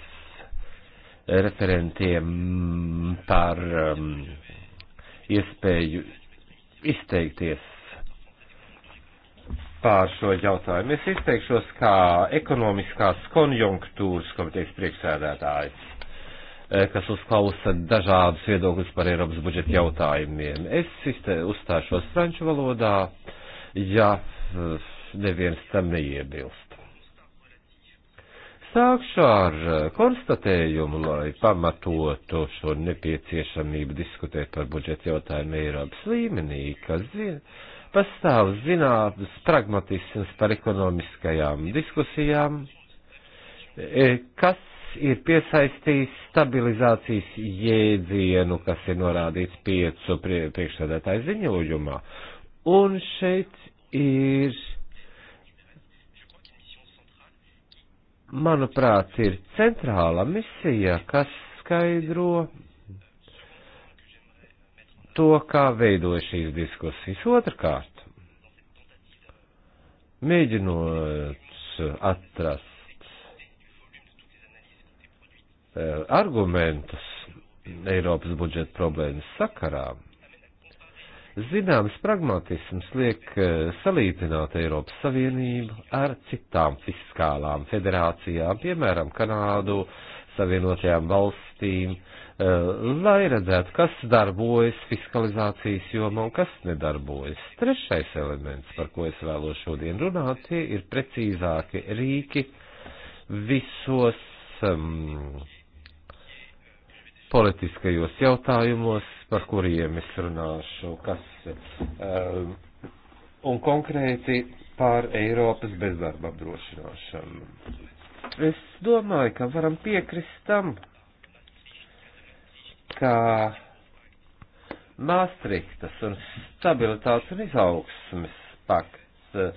referentiem par um, iespēju izteikties pār šo jautājumu. Es izteikšos kā ekonomiskās konjunktūras komitejas priekšsēdētājs, eh, kas uzklausa dažādus viedokļus par Eiropas budžeta jautājumiem. Es izte, uzstāšos franču valodā, ja eh, neviens tam neiebilst sākšu ar eh, konstatējumu, lai pamatotu šo nepieciešamību diskutēt par budžeta jautājumu Eiropas līmenī, kas zina, pastāv zinātnes pragmatisms par ekonomiskajām diskusijām, e, kas ir piesaistījis stabilizācijas jēdzienu, kas ir norādīts piecu priekšsēdētāju ziņojumā. Un šeit ir manuprāt, ir centrāla misija, kas skaidro to, kā veidoja šīs diskusijas. Otrkārt, mēģinot atrast eh, argumentus Eiropas budžeta problēmas sakarām Zināms, pragmatisms liek eh, salīdzināt Eiropas Savienību ar citām fiskālām federācijām, piemēram, Kanādu, Savienotajām valstīm, eh, lai redzētu, kas darbojas fiskalizācijas jomā un kas nedarbojas. Trešais elements, par ko es vēlos šodien runāt, tie ir precīzāki rīki visos. Um, politiskajos jautājumos, par kuriem es runāšu, kas um, un konkrēti par Eiropas bezdarba apdrošināšanu. Es domāju, ka varam piekrist tam, ka Māstrihtas un stabilitātes un izaugsmes pakts uh,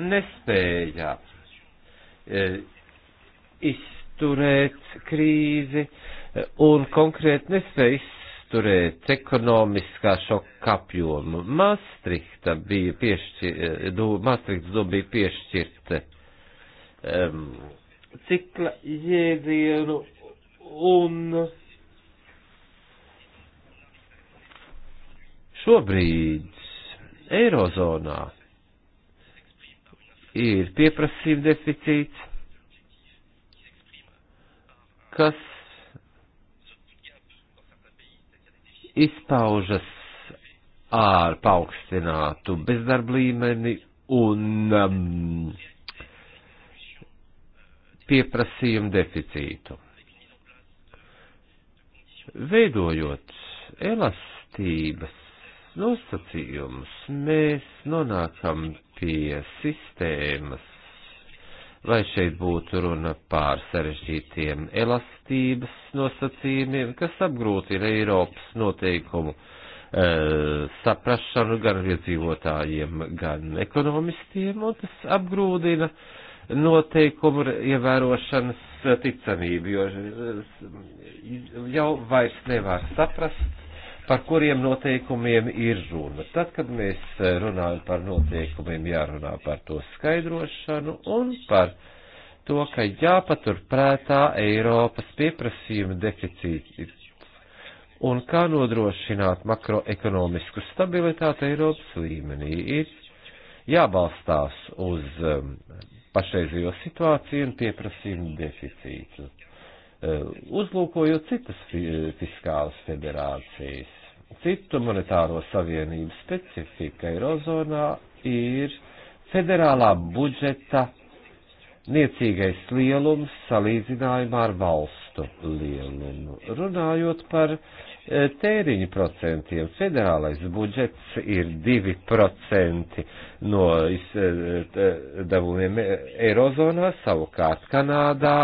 nespēja e, izturēt krīzi, e, un konkrēti nespēja izturēt ekonomiskā šoka apjomu. Maastrichta bija piešķirta, du, Maastrichtas doma bija piešķirta um, cikla jēdzienu un šobrīd Eirozonā ir pieprasījuma deficīts, kas izpaužas ar paaugstinātu bezdarba līmeni un um, pieprasījumu deficītu. Veidojot elastības nosacījumus, mēs nonākam pie sistēmas, lai šeit būtu runa pār sarežģītiem elastības nosacījumiem, kas apgrūtina Eiropas noteikumu e, saprašanu gan iedzīvotājiem, gan ekonomistiem, un tas apgrūdina noteikumu ievērošanas ticamību, jo e, jau vairs nevar saprast par kuriem noteikumiem ir runa. Tad, kad mēs e, runājam par noteikumiem, jārunā par to skaidrošanu un par to, ka jāpatur prātā Eiropas pieprasījuma deficīti un kā nodrošināt makroekonomisku stabilitāti Eiropas līmenī. Ir jābalstās uz um, pašreizējo situāciju un pieprasījumu deficītu uh, uzlūkojot citas fiskālas federācijas citu monetāro savienību specifika Eirozonā ir federālā budžeta niecīgais lielums salīdzinājumā ar valstu lielumu. Runājot par e, tēriņu procentiem, federālais budžets ir 2% no izdevumiem e, e, Eirozonā, savukārt Kanādā,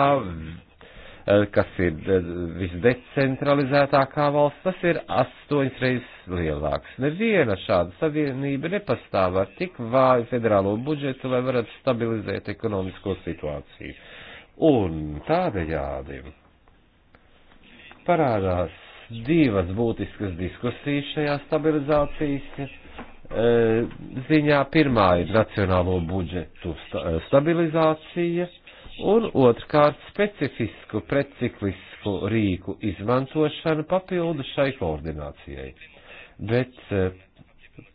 Eh, kas ir eh, visdecentralizētākā valsts, tas ir astoņas reizes lielāks. Neviena šāda savienība nepastāv ar tik vāju federālo budžetu, lai varētu stabilizēt ekonomisko situāciju. Un tādējādi parādās divas būtiskas diskusijas šajā stabilizācijas eh, ziņā pirmā ir nacionālo budžetu stabilizācija, un otrkārt specifisku preciklisku rīku izmantošanu papildu šai koordinācijai. Bet eh,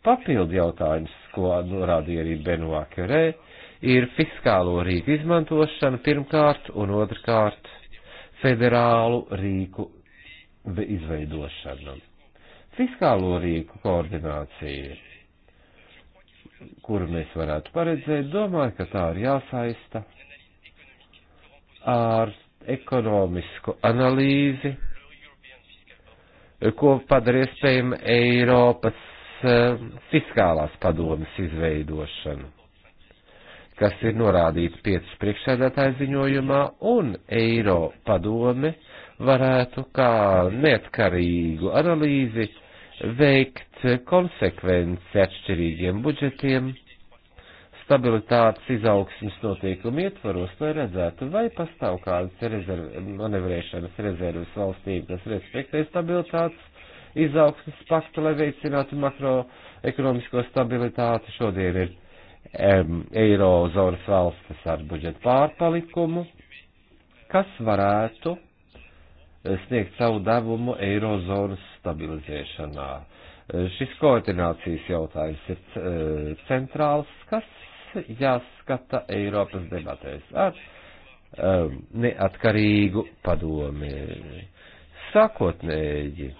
papildu jautājums, ko norādīja arī Benoā Kerē, ir fiskālo rīku izmantošana pirmkārt un otrkārt federālu rīku izveidošana. Fiskālo rīku koordinācija, kuru mēs varētu paredzēt, domāju, ka tā ir jāsaista ar ekonomisku analīzi, ko padara iespējama Eiropas eh, fiskālās padomas izveidošana, kas ir norādīta piecas priekšsēdētāja ziņojumā, un Eiro padome varētu kā neatkarīgu analīzi veikt konsekvenci atšķirīgiem budžetiem stabilitātes izaugsmas notiekumu ietvaros, lai redzētu, vai pastāv kādas rezerv, manevrēšanas rezerves valstīm, kas respektē stabilitātes izaugsmas paktu, lai veicinātu makroekonomisko stabilitāti. Šodien ir um, eirozonas valstis ar budžetu pārpalikumu, kas varētu eh, sniegt savu devumu eirozonas stabilizēšanā. Eh, šis koordinācijas jautājums ir eh, centrāls, kas jāskata Eiropas debatēs ar um, neatkarīgu padomi. Sākotnēji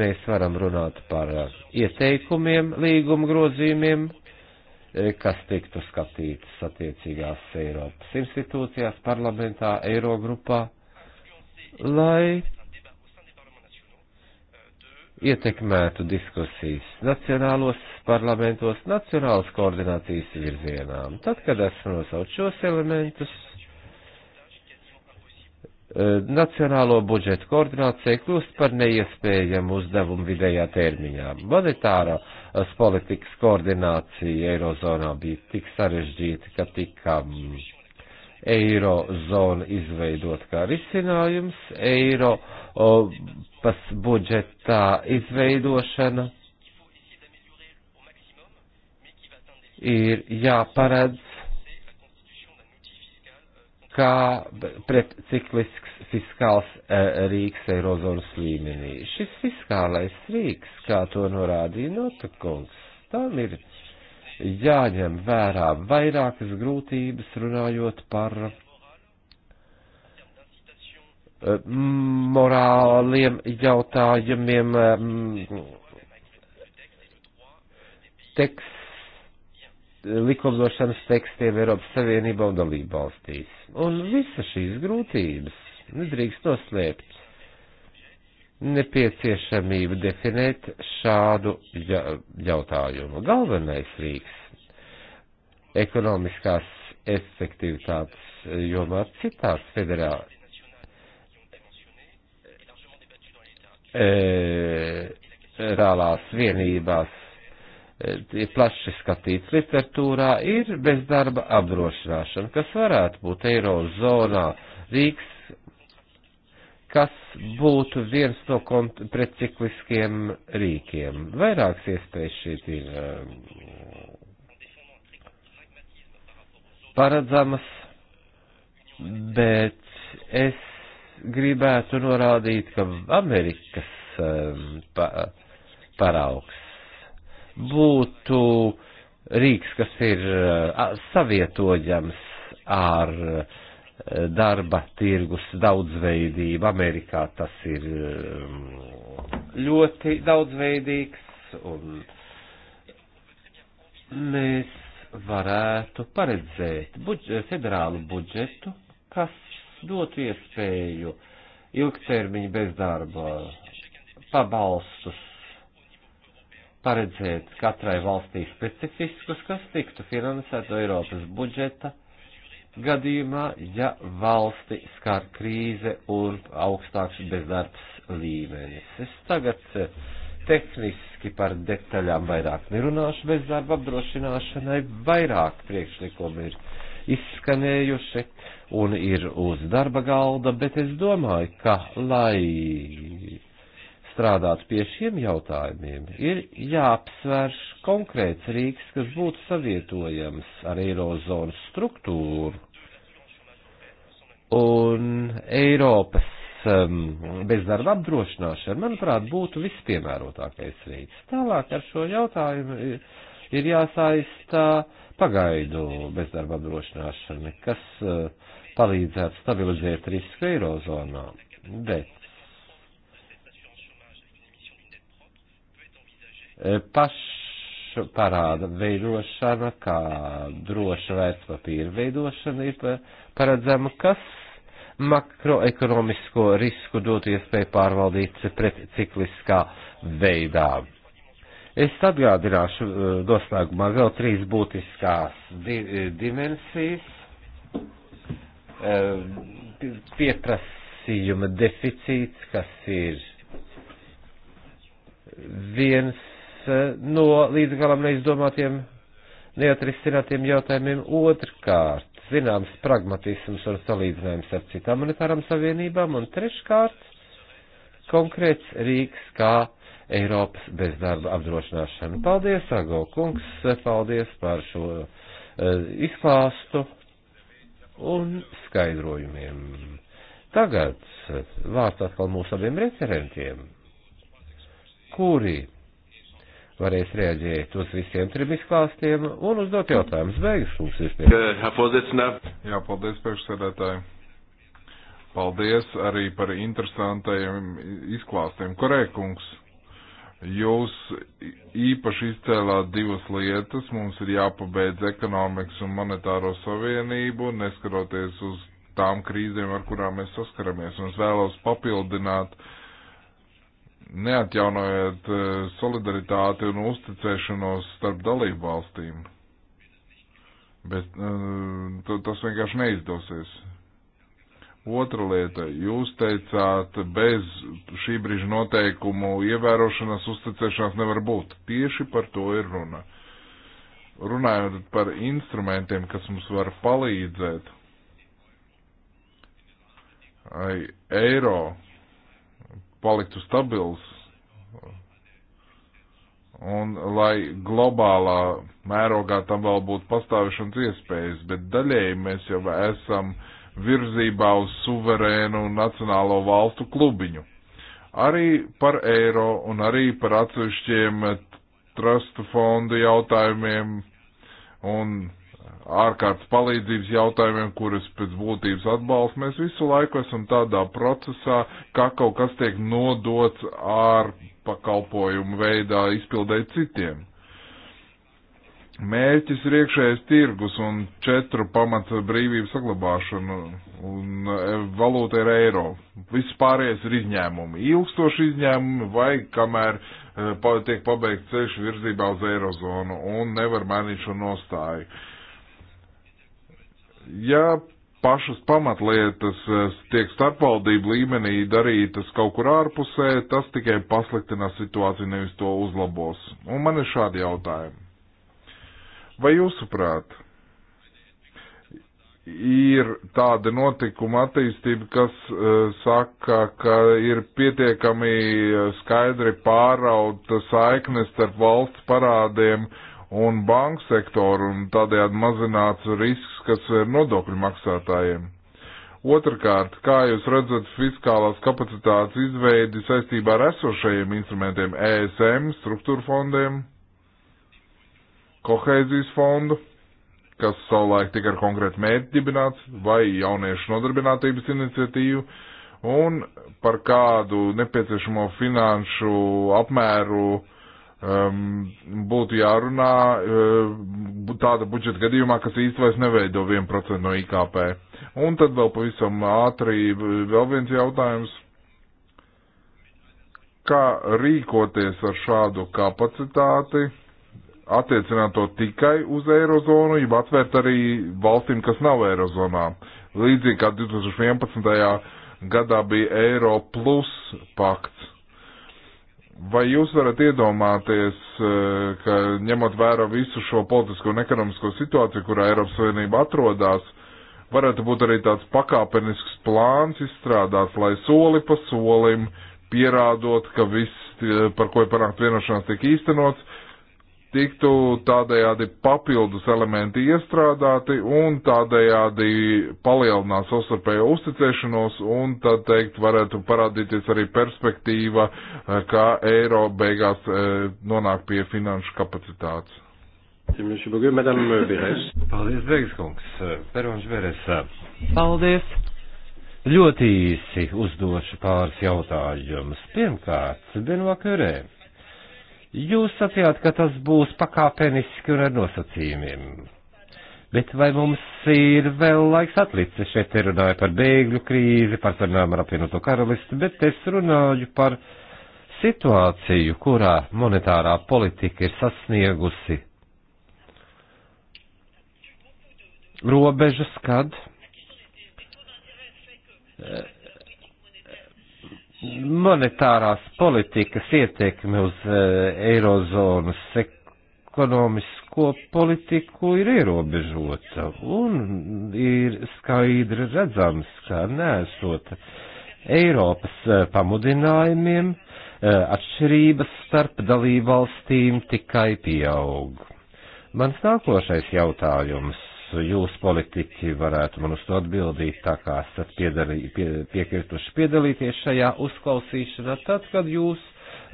mēs varam runāt par ieteikumiem, līguma grozījumiem, eh, kas tiktu skatītas attiecīgās Eiropas institūcijās, parlamentā, Eirogrupā, lai ietekmētu diskusijas nacionālos parlamentos, nacionālas koordinācijas virzienā. Tad, kad esmu nosauc šos elementus, eh, nacionālo budžetu koordinācija kļūst par neiespējamu uzdevumu vidējā termiņā. Monetārās eh, politikas koordinācija Eirozonā bija tik sarežģīta, ka tika. Um, eirozonu izveidot kā risinājums, eiro pas budžetā izveidošana ir jāparedz kā pretciklisks fiskāls e, rīks eirozonas līmenī. Šis fiskālais rīks, kā to norādīja Notakungs, tam ir jāņem vērā vairākas grūtības runājot par eh, morāliem jautājumiem. Eh, tekst, likumdošanas tekstiem Eiropas Savienībā un dalība valstīs. Un visa šīs grūtības nedrīkst noslēpt nepieciešamību definēt šādu jautājumu. Galvenais rīks ekonomiskās efektivitātes jomā citās federā. E, rālās vienībās e, plaši skatīts literatūrā, ir bezdarba apdrošināšana, kas varētu būt eirozonā rīks, kas būtu viens no precikliskiem rīkiem. Vairākas iespējas šeit ir um, paredzamas, bet es gribētu norādīt, ka Amerikas um, pa, paraugs būtu rīks, kas ir uh, savietojams ar uh, darba tirgus daudzveidība. Amerikā tas ir um, ļoti daudzveidīgs un mēs varētu paredzēt budžet, federālu budžetu, kas dotu iespēju ilgtermiņa bezdarba pabalstus paredzēt katrai valstī specifiskus, kas tiktu finansēt no Eiropas budžeta gadījumā, ja valsti skar krīze un augstāks bezdarbs līmenis. Es tagad eh, tehniski par detaļām vairāk nerunāšu, bezdarba apdrošināšanai vairāk priekšlikumi ir izskanējuši un ir uz darba galda, bet es domāju, ka lai strādāt pie šiem jautājumiem, ir jāapsvērš konkrēts rīks, kas būtu savietojams ar Eirozonas struktūru un Eiropas um, bezdarba apdrošināšana, manuprāt, būtu vispiemērotākais rīks. Tālāk ar šo jautājumu ir, ir jāsaistā pagaidu bezdarba apdrošināšana, kas uh, palīdzētu stabilizēt risku Eirozonā. Bet pašu parāda veidošana, kā droša vērtspapīra veidošana ir paredzama, kas makroekonomisko risku dotu iespēju pārvaldīt pret cikliskā veidā. Es atgādināšu eh, noslēgumā vēl trīs būtiskās di dimensijas. Eh, pieprasījuma deficīts, kas ir viens Eh, no līdz galam neizdomātiem, neatrisinātiem jautājumiem. Otrkārt, zināms pragmatisms un salīdzinājums ar citām monetārām savienībām. Un treškārt, konkrēts rīks, kā Eiropas bezdarba apdrošināšana. Paldies, Ago kungs, paldies par šo uh, izklāstu un skaidrojumiem. Tagad vārds atkal mūsu abiem referentiem, kuri varēs reaģēt uz visiem trim izklāstiem un uzdot jautājumus. Beigas mums ir pie. Jā, paldies, priekšsēdētāji. Paldies arī par interesantajiem izklāstiem. Korēkungs, jūs īpaši izcēlāt divas lietas. Mums ir jāpabeidz ekonomikas un monetāro savienību, neskatoties uz tām krīzēm, ar kurām mēs saskaramies. Un es vēlos papildināt uh, neatjaunojot eh, solidaritāti un uzticēšanos starp dalību valstīm. Bet eh, tas vienkārši neizdosies. Otra lieta, jūs teicāt, bez šī brīža noteikumu ievērošanas uzticēšanās nevar būt. Tieši par to ir runa. Runājot par instrumentiem, kas mums var palīdzēt, ai, eiro paliktu stabils un lai globālā mērogā tam vēl būtu pastāvišanas iespējas, bet daļēji mēs jau esam virzībā uz suverēnu nacionālo valstu klubiņu. Arī par eiro un arī par atsevišķiem trustu fondu jautājumiem un ārkārtas palīdzības jautājumiem, kuras pēc būtības atbalsta. Mēs visu laiku esam tādā procesā, kā kaut kas tiek nodots ar pakalpojumu veidā izpildēt citiem. Mērķis ir iekšējais tirgus un četru pamata brīvību saglabāšana un e, valūta ir eiro. Viss pārējais ir izņēmumi. Ilgstoši izņēmumi vai kamēr uh, tiek pabeigts ceļš virzībā uz eirozonu un nevar mainīt šo nostāju. Uh, Ja pašas pamatlietas eh, tiek starpvaldību līmenī darītas kaut kur ārpusē, tas tikai pasliktinās situāciju, nevis to uzlabos. Un man ir šādi jautājumi. Vai jūsuprāt, ir tāda notikuma attīstība, kas uh, saka, ka ir pietiekami eh, skaidri pārauta saiknes starp valsts parādiem uh, un banku sektoru un tādējādi mazināts risks, kas ir nodokļu maksātājiem. Otrakārt, kā jūs redzat fiskālās kapacitātes izveidi saistībā ar esošajiem instrumentiem ESM, struktūra fondiem, koheizijas fondu, kas savulaik tika ar konkrētu mērķi dibināts, vai jauniešu nodarbinātības iniciatīvu, un par kādu nepieciešamo finanšu apmēru uh, um, būtu jārunā um, tāda budžeta gadījumā, kas īsti vairs neveido 1% no IKP. Un tad vēl pavisam ātri uh, vēl viens jautājums. Kā rīkoties ar šādu kapacitāti, attiecināt to tikai uz eirozonu, jeb atvērt arī valstīm, kas nav eirozonā? Līdzīgi kā 2011. gadā bija Eiro plus pakts Vai jūs varat iedomāties, e, ka ņemot vērā visu šo politisko un ekonomisko situāciju, kurā Eiropas Savienība atrodas, varētu būt arī tāds pakāpenisks plāns izstrādāts, lai soli pa solim pierādot, ka viss, e, par ko ir panākt vienošanās, tiek īstenots, tiktu tādējādi papildus elementi iestrādāti un tādējādi palielinās savstarpējo uzticēšanos un tad teikt varētu parādīties arī perspektīva, eh, kā eiro beigās eh, nonāk pie finanšu kapacitātes. Paldies, Beigskungs. Perons Beres. Paldies. Ļoti īsi uzdošu pāris jautājumus. Pirmkārt, Benoit Kurē Jūs sacījāt, ka tas būs pakāpeniski un ar nosacījumiem. Bet vai mums ir vēl laiks atlicis? Šeit te runāju par bēgļu krīzi, par sarunām ar apvienoto karalisti, bet es runāju par situāciju, kurā monetārā politika ir sasniegusi robežas, kad eh, monetārās politikas ietekme uz e, eirozonas ekonomisko politiku ir ierobežota un ir skaidri redzams, ka nesot Eiropas e, pamudinājumiem e, atšķirības starp dalībvalstīm tikai pieaug. Mans nākošais jautājums jūs politiķi varētu man uz to atbildīt, tā kā esat piedalī, pie, piekrituši piedalīties šajā uzklausīšanā, tad, kad jūs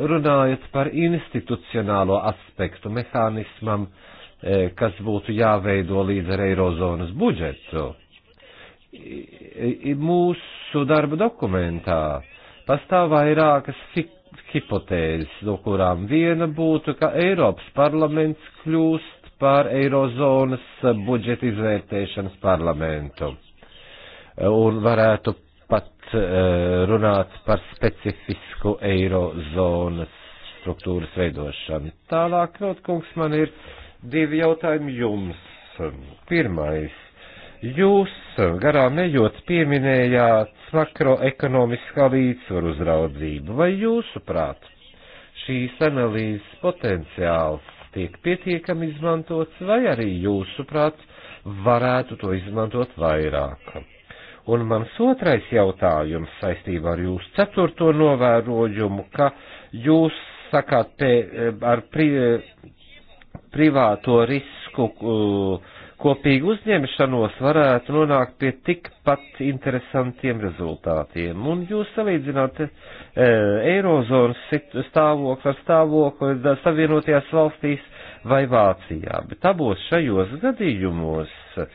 runājat par institucionālo aspektu mehānismam, e, kas būtu jāveido līdz ar Eirozonas budžetu. Mūsu darba dokumentā pastāv vairākas hipotēzes, no kurām viena būtu, ka Eiropas parlaments kļūst par Eirozonas budžeta izvērtēšanas parlamentu. Un varētu pat e, runāt par specifisku Eirozonas struktūras veidošanu. Tālāk, Rotkungs, man ir divi jautājumi jums. Pirmais. Jūs garām ejot pieminējāt makroekonomiskā līdzsvaru uzraudzību, vai jūsuprāt šīs analīzes potenciāls tiek pietiekami izmantots, vai arī jūsuprāt varētu to izmantot vairāk. Un mans otrais jautājums saistībā ar jūsu ceturto novērojumu, ka jūs sakāt te, eh, ar pri, privāto risku uh, kopīgu uzņemšanos varētu nonākt pie tikpat interesantiem rezultātiem. Un jūs salīdzināt e, Eirozonas stāvokli ar stāvokli Savienotajās valstīs vai Vācijā, bet abos šajos gadījumos eh,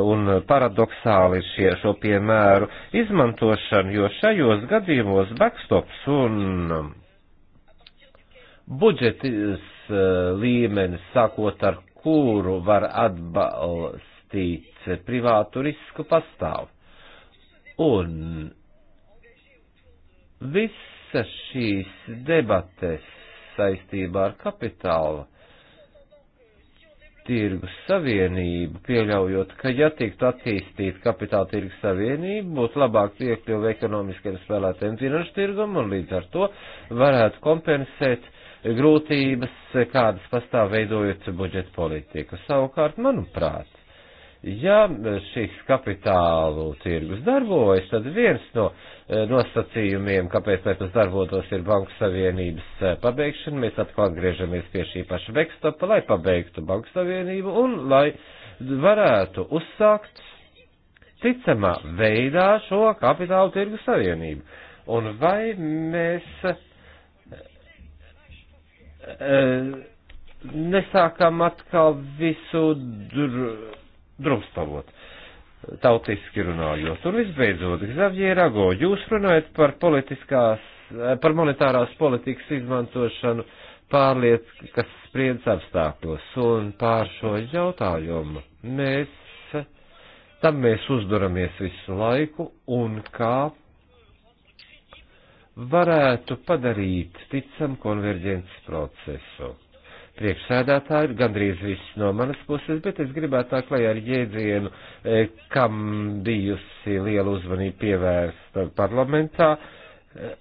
un paradoxāli šie šo piemēru izmantošana, jo šajos gadījumos backstops un budžetis eh, līmenis, sākot ar kuru var atbalstīt privātu risku pastāv. Un visa šīs debates saistībā ar kapitālu tirgus savienību, pieļaujot, ka ja tiktu attīstīt kapitāla tirgus savienību, būtu labāk piekļuvi ekonomiskiem spēlētiem finanšu tirgumu un līdz ar to varētu kompensēt grūtības, kādas pastāv veidojot budžeta politiku. Savukārt, manuprāt, ja šīs kapitālu tirgus darbojas, tad viens no eh, nosacījumiem, kāpēc lai tas darbotos, ir Banku Savienības eh, pabeigšana. Mēs atkal atgriežamies pie šī paša backstopa, lai pabeigtu Banku Savienību un lai varētu uzsākt ticamā veidā šo kapitālu tirgu savienību. Un vai mēs E, nesākam atkal visu dr drumstalot, tautiski runājot. Un visbeidzot, Xavier Rago, jūs runājat par politiskās, e, par monetārās politikas izmantošanu pārliekas spriedz apstākļos un pār šo jautājumu. Mēs, tam mēs uzduramies visu laiku un kā varētu padarīt ticam konverģences procesu. Priekšsēdētāji, gandrīz viss no manas puses, bet es gribētu tā klajā ar jēdzienu, e, kam bijusi liela uzmanība pievērsta parlamentā. E,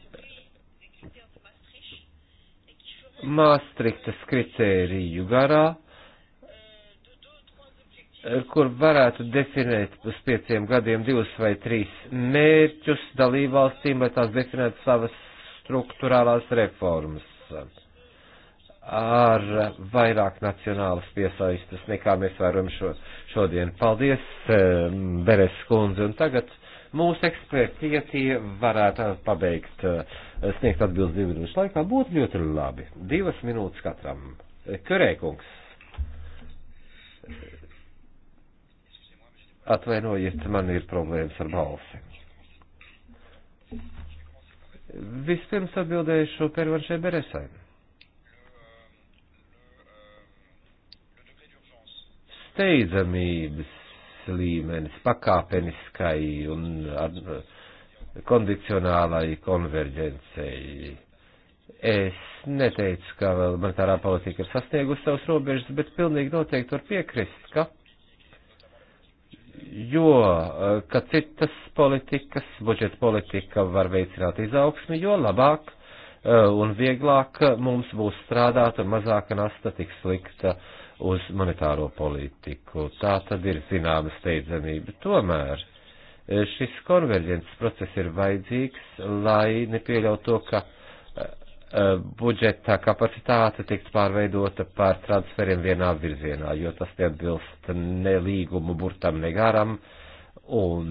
Māstriktas kritēriju garā Eh, kur varētu definēt uz pieciem gadiem divus vai trīs mērķus dalībvalstīm, lai tās definētu savas struktūrālās reformas ar vairāk nacionālas piesaistas, nekā mēs varam šo, šodien. Paldies, eh, Beres kundze, un tagad mūsu eksperti, ja tie varētu pabeigt eh, sniegt atbildes divu minūšu laikā, būtu ļoti labi. Divas minūtes katram. Kurē kungs. Atvainojiet, man ir problēmas ar balsi. Vispirms atbildējušu Pervanšai Beresai. Steidzamības līmenis pakāpeniskai un kondicionālai konverģencei. Es neteicu, ka vēl monetārā politika ir sasniegusi savus robežas, bet pilnīgi noteikti var piekrist, ka jo, eh, ka citas politikas, budžeta politika var veicināt izaugsmi, jo labāk eh, un vieglāk mums būs strādāt un mazāka nasta tiks likta uz monetāro politiku. Tā tad ir zināma steidzamība. Tomēr eh, šis konverģences process ir vajadzīgs, lai nepieļaut to, ka Eh, budžeta kapacitāte tikt pārveidota par transferiem vienā virzienā, jo tas neatbilst ne līgumu burtam, ne garam, un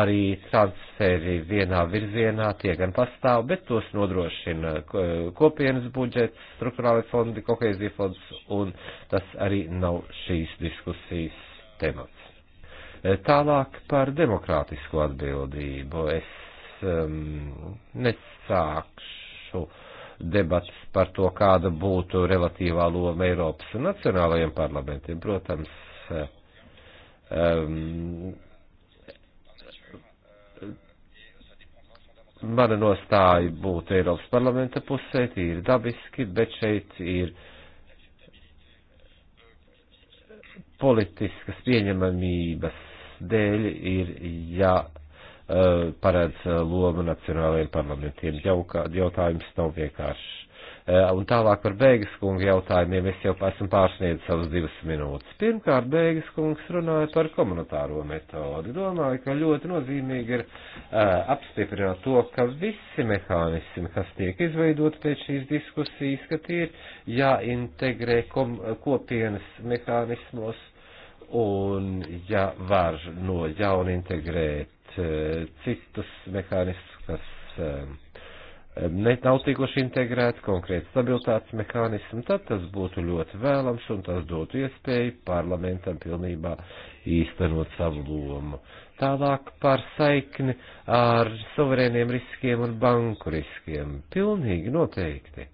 arī transferi vienā virzienā tie gan pastāv, bet tos nodrošina eh, kopienas budžets, struktūrālai fondi, kohēzija fonds, un tas arī nav šīs diskusijas temats. Eh, tālāk par demokrātisko atbildību. Es um, nesākšu debatas par to, kāda būtu relatīvā loma Eiropas un nacionālajiem parlamentiem. Protams, um, mana nostāja būtu Eiropas parlamenta pusē, tīri dabiski, bet šeit ir politiskas pieņemamības dēļ ir jāatbalsta Eh, paredz eh, lomu nacionālajiem parlamentiem. Jau jautājums nav vienkāršs. Eh, un tālāk par Bēgas kunga jautājumiem es jau esmu pārsniedzis savas divas minūtes. Pirmkārt, Bēgas kungs runāja par komunitāro metodi. Domāju, ka ļoti nozīmīgi ir uh, apstiprināt to, ka visi mehānismi, kas tiek izveidot pēc šīs diskusijas, ka tie ir jāintegrē kom, kopienas mehānismos un jāvar no jauna integrēt Eh, citus mehānismus, kas eh, ne, nav tikuši integrēti, konkrēti stabilitātes mehānismu, tad tas būtu ļoti vēlams un tas dotu iespēju parlamentam pilnībā īstenot savu lomu. Tālāk par saikni ar suverēniem riskiem un banku riskiem. Pilnīgi noteikti.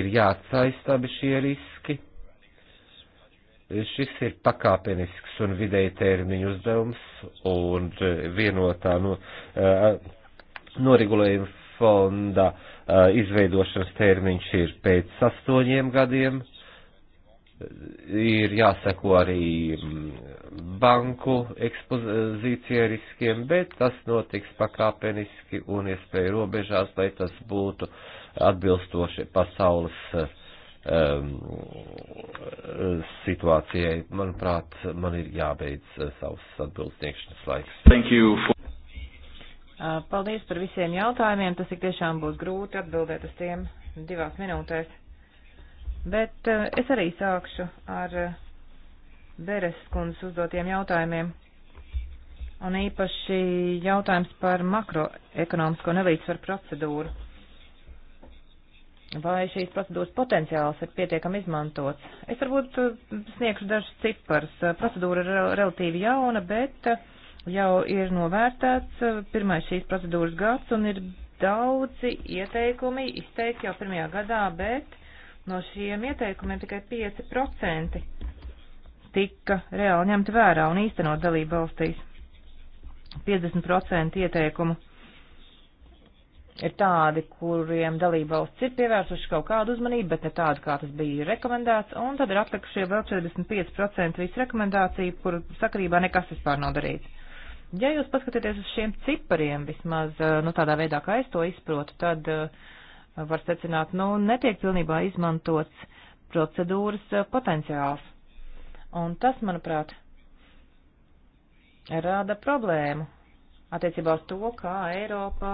Ir jāatsaist abi šie riski Šis ir pakāpenisks un vidēji termiņu uzdevums un eh, vienotā no, eh, noregulējuma fonda eh, izveidošanas termiņš ir pēc astoņiem gadiem. Ir jāseko arī mm, banku ekspozīcija riskiem, bet tas notiks pakāpeniski un iespēju robežās, lai tas būtu atbilstoši pasaules uh, um, situācijai. Manuprāt, man ir jābeidz uh, savs atbildsniegšanas laiks. Thank you. For... Uh, paldies par visiem jautājumiem. Tas tik tiešām būs grūti atbildēt uz tiem divās minūtēs. Bet uh, es arī sākšu ar Beres kundzes uzdotiem jautājumiem. Un īpaši jautājums par makroekonomisko nelīdzsvaru procedūru vai šīs procedūras potenciāls ir pietiekami izmantots. Es varbūt eh, sniegšu dažus ciparus. Eh, procedūra ir relatīvi jauna, bet eh, jau ir novērtēts pirmais šīs procedūras gads un ir daudzi ieteikumi izteikti jau pirmajā gadā, bet no šiem ieteikumiem tikai 5% tika reāli ņemti vērā un īstenot dalību valstīs. 50% ieteikumu ir tādi, kuriem dalībvalsts ir pievērsuši kaut kādu uzmanību, bet ne tādu, kā tas bija rekomendēts, un tad ir atlikušie vēl 45% visu rekomendāciju, kur sakarībā nekas vispār nav darīts. Ja jūs paskatieties uz šiem cipariem, vismaz eh, nu, tādā veidā, kā es to izprotu, tad eh, var secināt, nu, netiek pilnībā izmantots procedūras eh, potenciāls. Un tas, manuprāt, rāda problēmu attiecībā uz to, kā Eiropa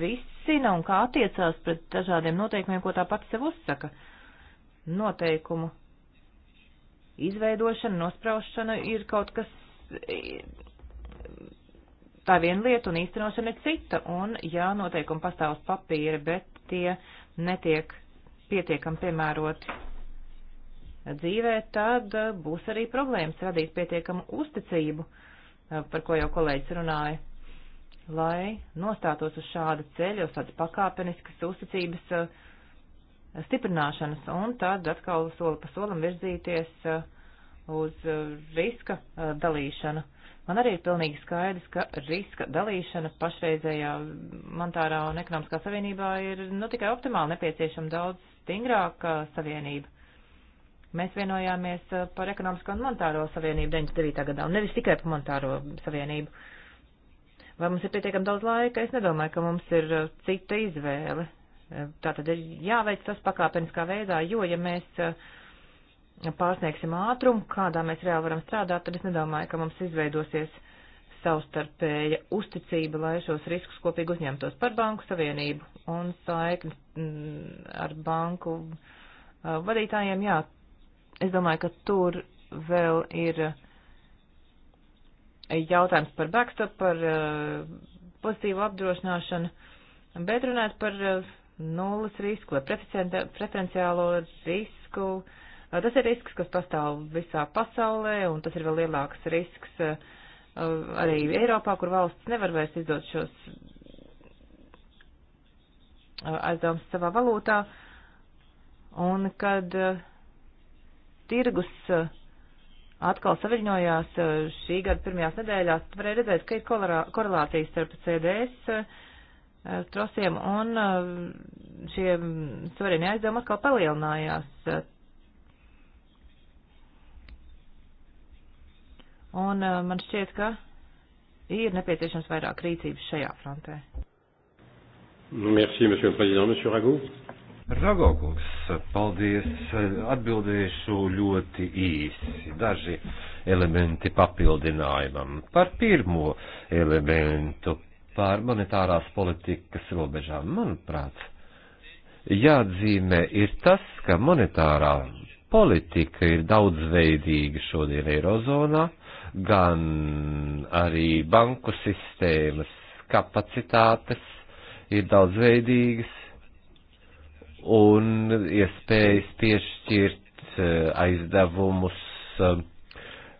risina un kā attiecās pret dažādiem noteikumiem, ko tā pati sev uzsaka. Noteikumu izveidošana, nospraušana ir kaut kas tā viena lieta un īstenošana ir cita, un jā, noteikumi pastāv uz papīra, bet tie netiek pietiekami piemēroti dzīvē, tad uh, būs arī problēmas radīt pietiekamu uzticību, uh, par ko jau kolēģis runāja lai nostātos uz šāda ceļa, uz tādas pakāpeniskas uzticības eh, stiprināšanas un tad atkal soli pa solim virzīties eh, uz eh, riska dalīšanu. Man arī ir pilnīgi skaidrs, ka riska dalīšana pašreizējā monetārā un ekonomiskā savienībā ir nu, tikai optimāli nepieciešama daudz stingrāka savienība. Mēs vienojāmies par ekonomisko un monetāro savienību 99. gadā, un nevis tikai par monetāro savienību. Vai mums ir pietiekami daudz laika? Es nedomāju, ka mums ir uh, cita izvēle. Uh, Tā tad ir jāveic tas pakāpeniskā veidā, jo ja mēs uh, pārsniegsim ātrumu, kādā mēs reāli varam strādāt, tad es nedomāju, ka mums izveidosies savstarpēja uzticība, lai šos riskus kopīgi uzņemtos par banku savienību un saikni mm, ar banku vadītājiem. Jā, es domāju, ka tur vēl ir jautājums par backstop, par eh, pozitīvu apdrošināšanu, bet runāt par eh, nulles risku vai preferenciālo risku. Eh, tas ir risks, kas pastāv visā pasaulē, un tas ir vēl lielāks risks arī Eiropā, kur valsts nevar vairs izdot šos aizdevumus savā valūtā. Un kad tirgus uh, atkal saviņojās eh, šī gada pirmajās nedēļās, varēja redzēt, ka ir korelācijas starp CDS eh, trosiem un eh, šie suverēni aizdevumi atkal palielinājās. Un man šķiet, ka ir nepieciešams vairāk rīcības šajā frontē. Merci, monsieur le président. Monsieur Rago. Ragokungs, paldies. Atbildēšu ļoti īsi. Daži elementi papildinājumam. Par pirmo elementu, par monetārās politikas robežām, manuprāt, jāatzīmē ir tas, ka monetārā politika ir daudzveidīga šodien Eirozonā, gan arī banku sistēmas kapacitātes ir daudzveidīgas, un iespējas piešķirt eh, aizdevumus eh,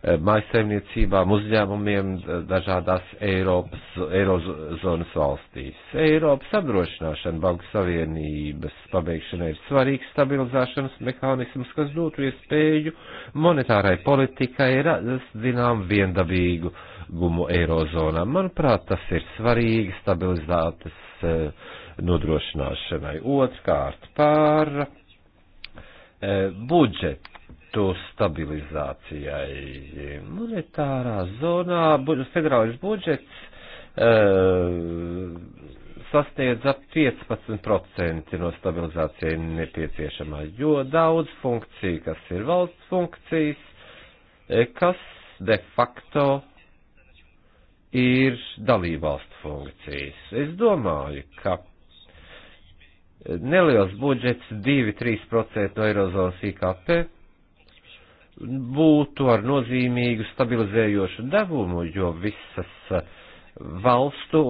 mājasaimniecībām, uzņēmumiem dažādās Eiropas, Eirozonas valstīs. Eiropas apdrošināšana Banku Savienības pabeigšanai ir svarīgs stabilizēšanas mehānisms, kas dotu iespēju monetārai politikai rast zinām viendabīgu gumu Eirozonā. Manuprāt, tas ir svarīgi stabilizētas uh, nodrošināšanai. Otrkārt, par e, budžetu stabilizācijai. Monetārā zonā federālais budžets e, sasniedz ap 15% no stabilizācijai nepieciešamā, jo daudz funkciju, kas ir valsts funkcijas, e, kas de facto ir dalībvalstu funkcijas. Es domāju, ka neliels budžets 2-3% no Eirozonas IKP būtu ar nozīmīgu stabilizējošu devumu, jo visas eh, valstu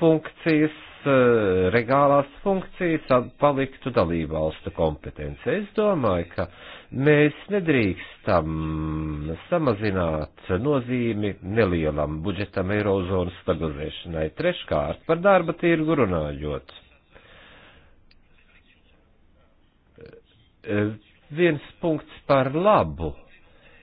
funkcijas, eh, regālās funkcijas paliktu dalību valstu kompetence. Es domāju, ka mēs nedrīkstam samazināt nozīmi nelielam budžetam Eirozonas stabilizēšanai. Treškārt par darba tirgu runājot Eh, viens punkts par labu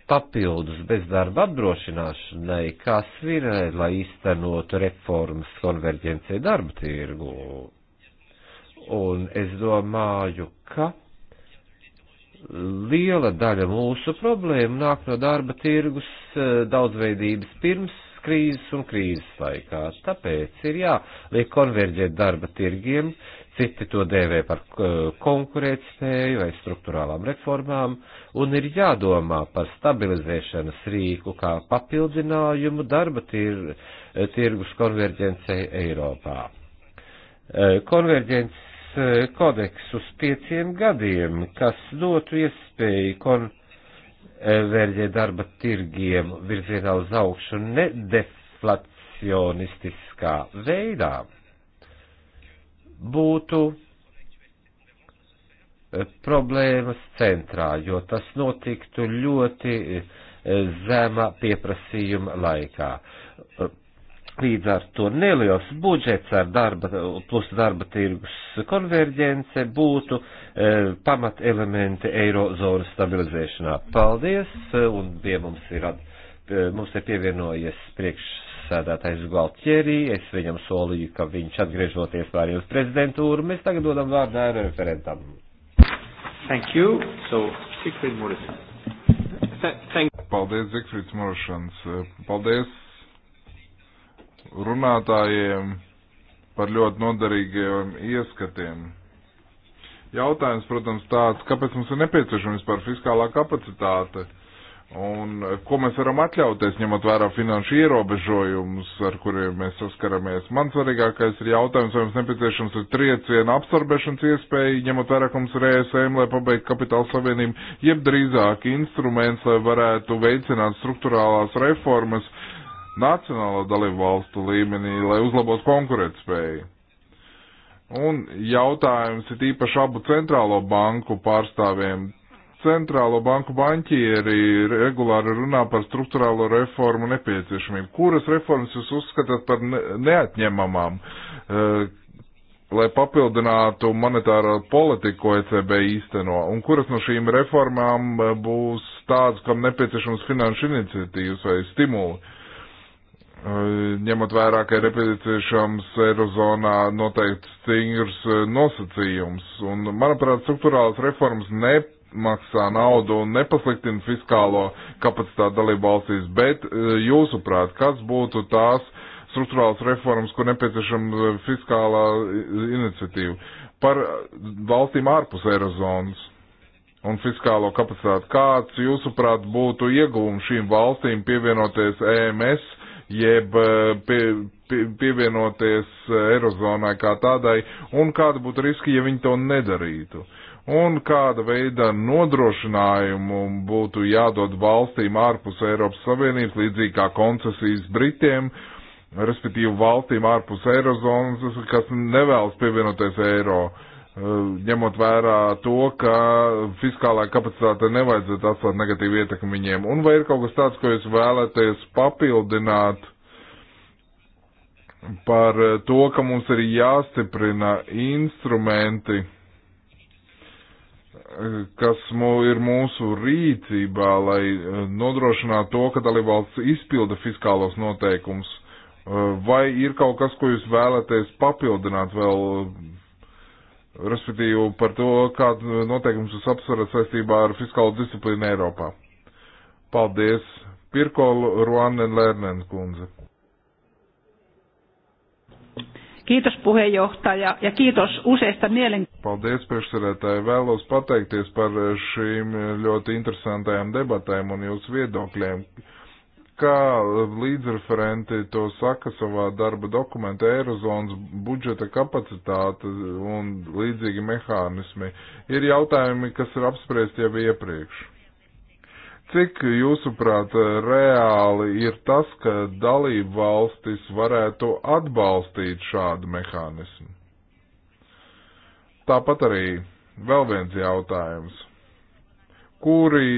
papildus bezdarba apdrošināšanai, kas ir, eh, lai īstenotu reformas konverģencija darba tirgu. Un es domāju, ka liela daļa mūsu problēmu nāk no darba tirgus eh, daudzveidības pirms krīzes un krīzes laikā. Tāpēc ir jāliek konverģēt darba tirgiem, uh, citi to dēvē par konkurētspēju vai struktūrālām reformām, un ir jādomā par stabilizēšanas rīku kā papildinājumu darba tir, tirgus konverģencei Eiropā. E, konverģences e, kodeks uz pieciem gadiem, kas dotu iespēju konverģē e, darba tirgiem virzienā uz augšu nedeflacionistiskā veidā būtu e, problēmas centrā, jo tas notiktu ļoti e, zema pieprasījuma laikā. E, līdz ar to neliels budžets ar darba, plus darba tirgus konverģence būtu e, pamat elementi eirozonas stabilizēšanā. Paldies, un pie mums ir, mums ir pievienojies priekš priekšsēdētājs Gualtjerī, es viņam solīju, ka viņš atgriežoties pārī uz prezidentūru, mēs tagad dodam vārdu ar referentam. Thank you. So, Siegfried Morrison. Thank Paldies, Zigfrīds Moršans. Paldies runātājiem par ļoti noderīgiem ieskatiem. Jautājums, protams, tāds, kāpēc mums ir nepieciešama vispār fiskālā kapacitāte? Uh, Un eh, ko mēs varam atļauties, ņemot vērā finanšu ierobežojumus, ar kuriem mēs saskaramies? Man svarīgākais ir jautājums, vai mums nepieciešams ir trieciena absorbēšanas iespēja, ņemot vērā, ka mums ir ESM, lai pabeigtu kapitāla savienību, jeb drīzāk instruments, lai varētu veicināt struktūrālās reformas nacionālo dalību valstu līmenī, lai uzlabotu konkurētspēju. Un jautājums ir īpaši abu centrālo banku pārstāvjiem centrālo banku baņķieri regulāri runā par struktūrālo reformu nepieciešamību. Kuras reformas jūs uzskatāt par neatņemamām, eh, lai papildinātu monetāro politiku, ko ECB īsteno? Un kuras no šīm reformām eh, būs tādas, kam nepieciešams finanšu iniciatīvas vai stimuli? Eh, ņemot vērā, ka ir nepieciešams Eirozonā noteikti stingrs nosacījums. Un, manuprāt, struktūrālas reformas ne maksā naudu un nepasliktina fiskālo kapacitāti dalību valstīs, bet e, jūsuprāt, kas būtu tās struktūrāls reformas, kur nepieciešama e, fiskālā e, iniciatīva par valstīm ārpus Eirozonas? un fiskālo kapacitāti. Kāds, jūsuprāt, būtu ieguvums šīm valstīm pievienoties EMS, jeb pie, pie, pievienoties Eirozonai kā tādai, un kāda būtu riski, ja viņi to nedarītu? Uh, un kāda veida nodrošinājumu būtu jādod valstīm ārpus Eiropas Savienības, līdzīgi kā koncesijas Britiem, respektīvi valstīm ārpus Eirozonas, kas nevēlas pievienoties eiro, eh, ņemot vērā to, ka fiskālā kapacitāte nevajadzētu atstāt negatīvu ietekmi viņiem. Un vai ir kaut kas tāds, ko jūs vēlaties papildināt? Par to, ka mums ir jāstiprina instrumenti, uh, kas ir mūsu rīcībā, lai eh, nodrošinātu to, ka dalībvalsts izpilda fiskālos noteikumus? Eh, vai ir kaut kas, ko jūs vēlaties papildināt vēl, respektīvi par to, kādu noteikumus jūs apsverat saistībā ar fiskālo disciplīnu Eiropā? Paldies, Pirko Ruanen Lērnen kundze. Kiitos puheenjohtaja ja kiitos useista mielen... Paldies, priekšsarētāji. Vēlos pateikties par šīm ļoti interesantajām debatēm un jūsu viedokļiem. Kā līdzreferenti to saka savā darba dokumentā, Eirozonas budžeta kapacitāte un līdzīgi mehānismi ir jautājumi, kas ir apspriesti jau iepriekš cik jūsuprāt reāli ir tas, ka dalību valstis varētu atbalstīt šādu mehānismu? Tāpat arī vēl viens jautājums. Kuri,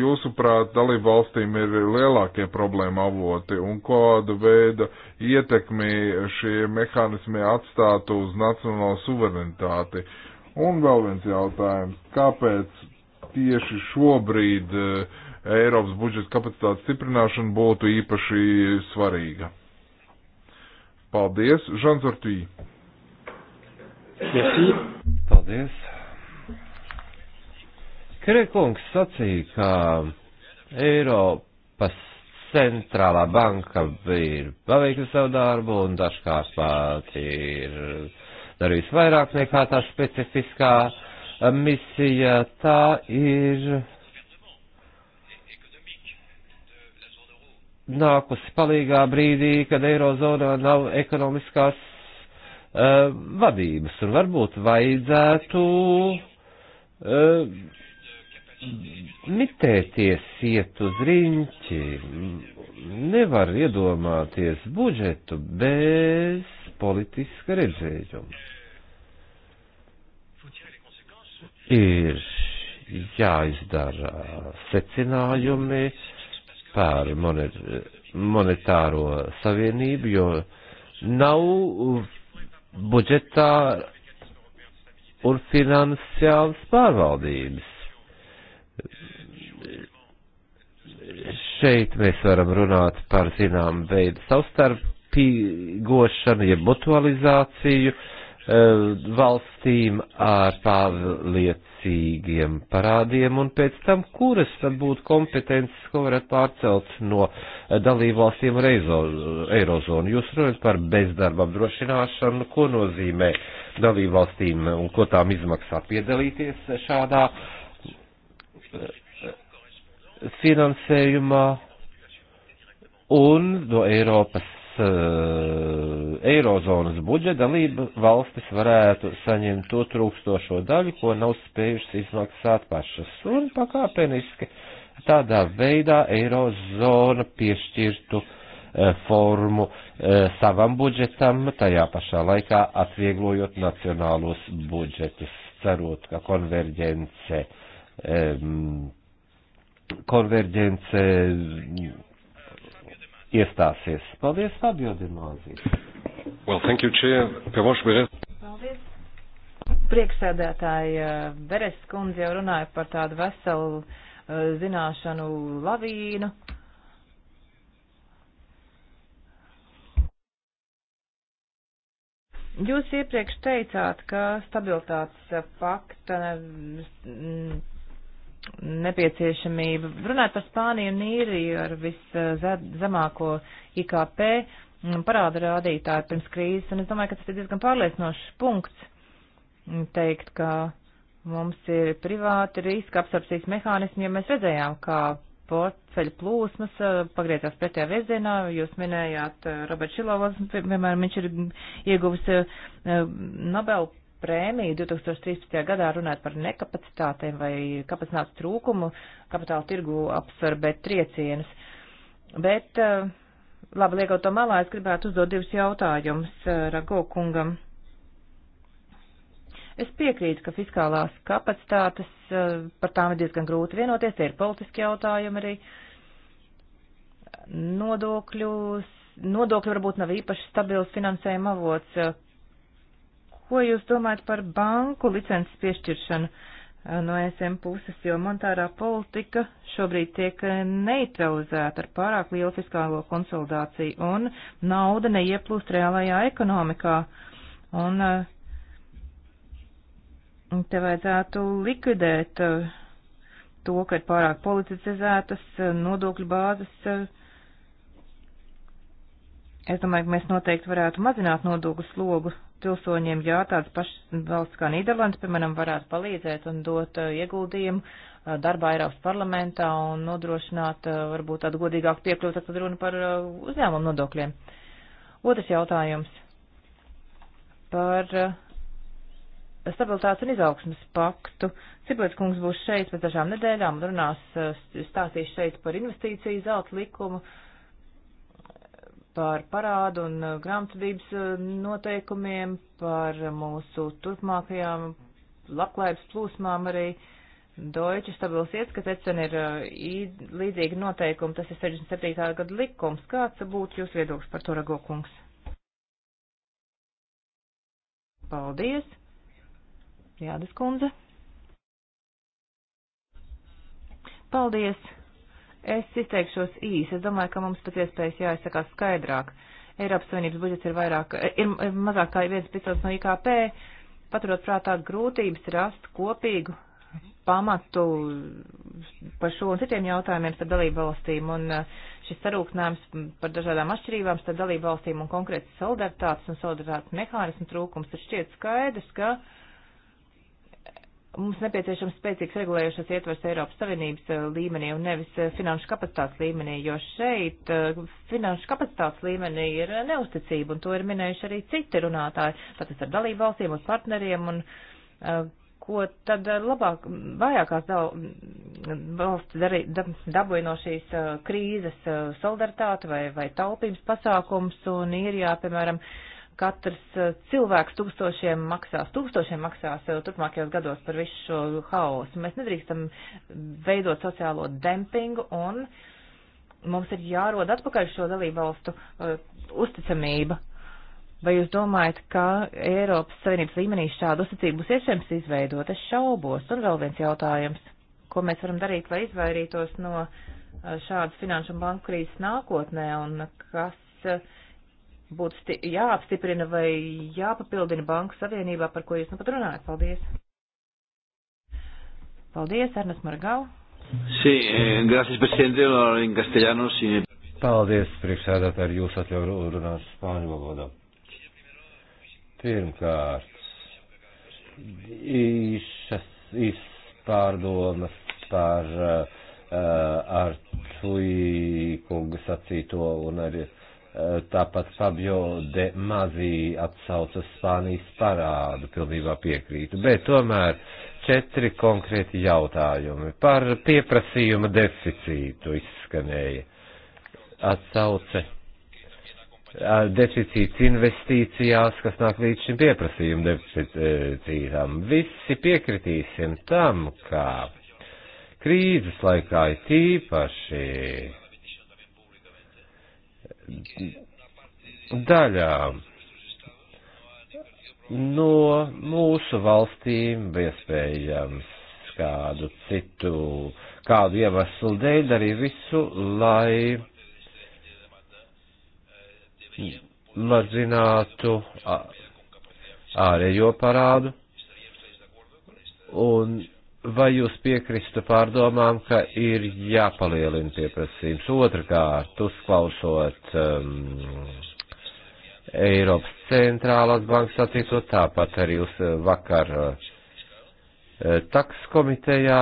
jūsuprāt, dalību valstīm ir lielākie problēma avoti un kādu veidu ietekmi šie mehānismi atstātu uz nacionālo suverenitāti? Un vēl viens jautājums. Kāpēc tieši šobrīd eh, Eiropas budžeta kapacitātes stiprināšana būtu īpaši svarīga? Paldies, Žanzortī! Merci. Paldies. Krekungs sacīja, ka Eiropas centrālā banka ir paveikusi savu darbu un dažkārt pat ir darījusi vairāk nekā tā specifiskā misija. Tā ir nākusi palīgā brīdī, kad Eirozonā nav ekonomiskās uh, vadības, un varbūt vajadzētu uh, mitēties iet uz riņķi. Nevar iedomāties budžetu bez politiska redzējuma. Ir jāizdara secinājumi par monetāro savienību, jo nav budžetā un finansiālas pārvaldības. Šeit mēs varam runāt par zinām veidu savstarpīgošanu, jeb mutualizāciju. Uh, Eh, valstīm ar pārliecīgiem parādiem un pēc tam, kuras tad būtu kompetences, ko varētu pārcelt no eh, dalību valstīm ar eirozonu. Jūs runājat par bezdarba apdrošināšanu, ko nozīmē dalību valstīm un ko tām izmaksā piedalīties šādā eh, finansējumā un no Eiropas Uh, eirozonas budžeta dalība valstis varētu saņemt to trūkstošo daļu, ko nav spējušas izmaksāt pašas. Un pakāpeniski tādā veidā eirozona piešķirtu uh, formu uh, savam budžetam, tajā pašā laikā atvieglojot nacionālos budžetus, cerot, ka konverģence, um, konverģence iestāsies. Paldies, Fabio Dimāzī. Well, thank you, Chair. Pavoš Beres. Paldies. Prieksēdētāji eh, Beres kundze jau runāja par tādu veselu eh, zināšanu lavīnu. Jūs iepriekš teicāt, ka stabilitātes pakta mm, nepieciešamību. Runāt par Spāniju un Īriju ar viszemāko IKP mm, parāda rādītāju pirms krīzes, un es domāju, ka tas ir diezgan pārliecinošs punkts teikt, ka mums ir privāti riska apsarpsīs mehānismi, jo mēs redzējām, kā portfeļu plūsmas eh, pagriezās pretējā virzienā. Jūs minējāt eh, Roberts Šilovs, piemēram, viņš ir ieguvis eh, Nobel prēmiju 2013. gadā runāt par nekapacitātēm vai kapacitātes trūkumu, kapitāla tirgu absorbēt triecienus. Bet, eh, labi, liekot to malā, es gribētu uzdot divus jautājumus eh, Rago kungam. Es piekrītu, ka fiskālās kapacitātes eh, par tām ir diezgan grūti vienoties, tie ir politiski jautājumi arī. Nodokļus, nodokļi varbūt nav īpaši stabils finansējuma avots Ko jūs domājat par banku licences piešķiršanu eh, no ESM puses, jo monetārā politika šobrīd tiek eh, neutralizēta ar pārāk lielu fiskālo konsolidāciju un nauda neieplūst reālajā ekonomikā. Un eh, te vajadzētu likvidēt to, ka ir pārāk politizētas nodokļu bāzes Es domāju, ka mēs noteikti varētu mazināt nodokļu slogu pilsoņiem, ja tāds pašs valsts kā Nīderlands, piemēram, varētu palīdzēt un dot uh, ieguldījumu uh, darbā Eiropas parlamentā un nodrošināt uh, varbūt tādu godīgāku piekļūtu, tad runa par uzņēmumu nodokļiem. Otrs jautājums par stabilitātes un izaugsmas paktu. Ciprats kungs būs šeit pēc dažām nedēļām un runās, stāstīs šeit par investīciju zelta likumu. Uh, par parādu un uh, grāmatvedības uh, noteikumiem, par mūsu turpmākajām labklājības plūsmām arī. Deutsche stabils ieskats, ECN ir uh, līdzīga noteikuma, tas ir 67. gada likums. Kāds būtu jūs viedoklis par to, Rago kungs? Paldies. Jādas kundze. Paldies. Es izteikšos īsi. Es domāju, ka mums pēc iespējas jāizsakās skaidrāk. Eiropas Savienības budžets ir, vairāk, ir mazāk kā viens picots no IKP, paturot prātā grūtības rast kopīgu pamatu par šo un citiem jautājumiem starp dalību valstīm. Un eh, šis sarūknājums par dažādām atšķirībām starp dalību valstīm un konkrēti solidaritātes un solidaritātes mehānismu trūkums ir šķiet skaidrs, ka uh, Mums nepieciešams spēcīgs regulējušas ietvers Eiropas Savienības eh, līmenī un nevis eh, finanšu kapacitātes līmenī, jo šeit eh, finanšu kapacitātes līmenī ir neusticība, un to ir minējuši arī citi runātāji, pat ar dalību valstīm, uz partneriem, un ko tad labāk, vājākās mm, valsts dabūja no šīs krīzes solidaritāte vai, vai taupības pasākums, un ir jā, piemēram, uh, katrs eh, cilvēks tūkstošiem maksās, tūkstošiem maksās eh, turpmākajos gados par visu šo haosu. Mēs nedrīkstam veidot sociālo dempingu un mums ir jārod atpakaļ šo dalību valstu uh, uzticamība. Vai jūs domājat, ka Eiropas Savienības līmenī šādu uzticību būs iespējams izveidot? Es šaubos. Un vēl viens jautājums. Ko mēs varam darīt, lai izvairītos no šādas finanšu un banku krīzes nākotnē un kas uh, būtu jāapstiprina vai jāpapildina Banku Savienībā, par ko jūs nu pat runājat. Paldies! Paldies, Ernest Margau! Sí, eh, gracias, presidente, en castellano, sí. Paldies, priekšsēdētāji, jūs atļauju runāt spāņu valodā. Pirmkārt, īsas, īsas pārdomas par uh, eh, eh, ar Cui kunga sacīto un arī uh, Tāpat Fabio de Mazī atsauca Spānijas parādu, pilnībā piekrītu. Bet tomēr četri konkrēti jautājumi par pieprasījuma deficītu izskanēja. Atsauce deficīts investīcijās, kas nāk līdz šim pieprasījuma deficītām. Visi piekritīsim tam, ka krīzes laikā ir tīpaši daļā no mūsu valstīm, iespējams, kādu citu, kādu iemeslu dēļ darīja visu, lai mazinātu ārējo parādu. Un vai jūs piekristu pārdomām, ka ir jāpalielina pieprasījums? Otrakārt, uzklausot um, Eiropas centrālās bankas attīstot, tāpat arī uz uh, vakar uh, taks komitejā,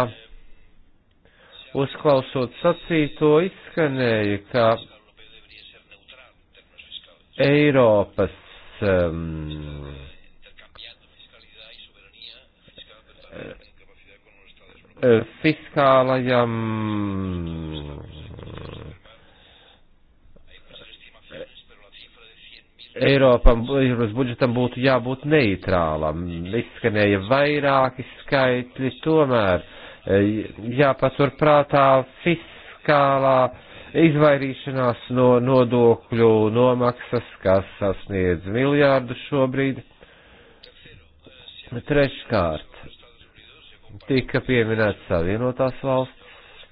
uzklausot sacīto, izskanēja, ka Eiropas um, Eh, fiskālajam eh, Eiropam, Eiropas budžetam būtu jābūt neitrālam. Izskanēja vairāki skaitļi, tomēr eh, jāpatur prātā fiskālā izvairīšanās no nodokļu nomaksas, kas sasniedz miljārdu šobrīd. Treškārt, tika pieminēts Savienotās valsts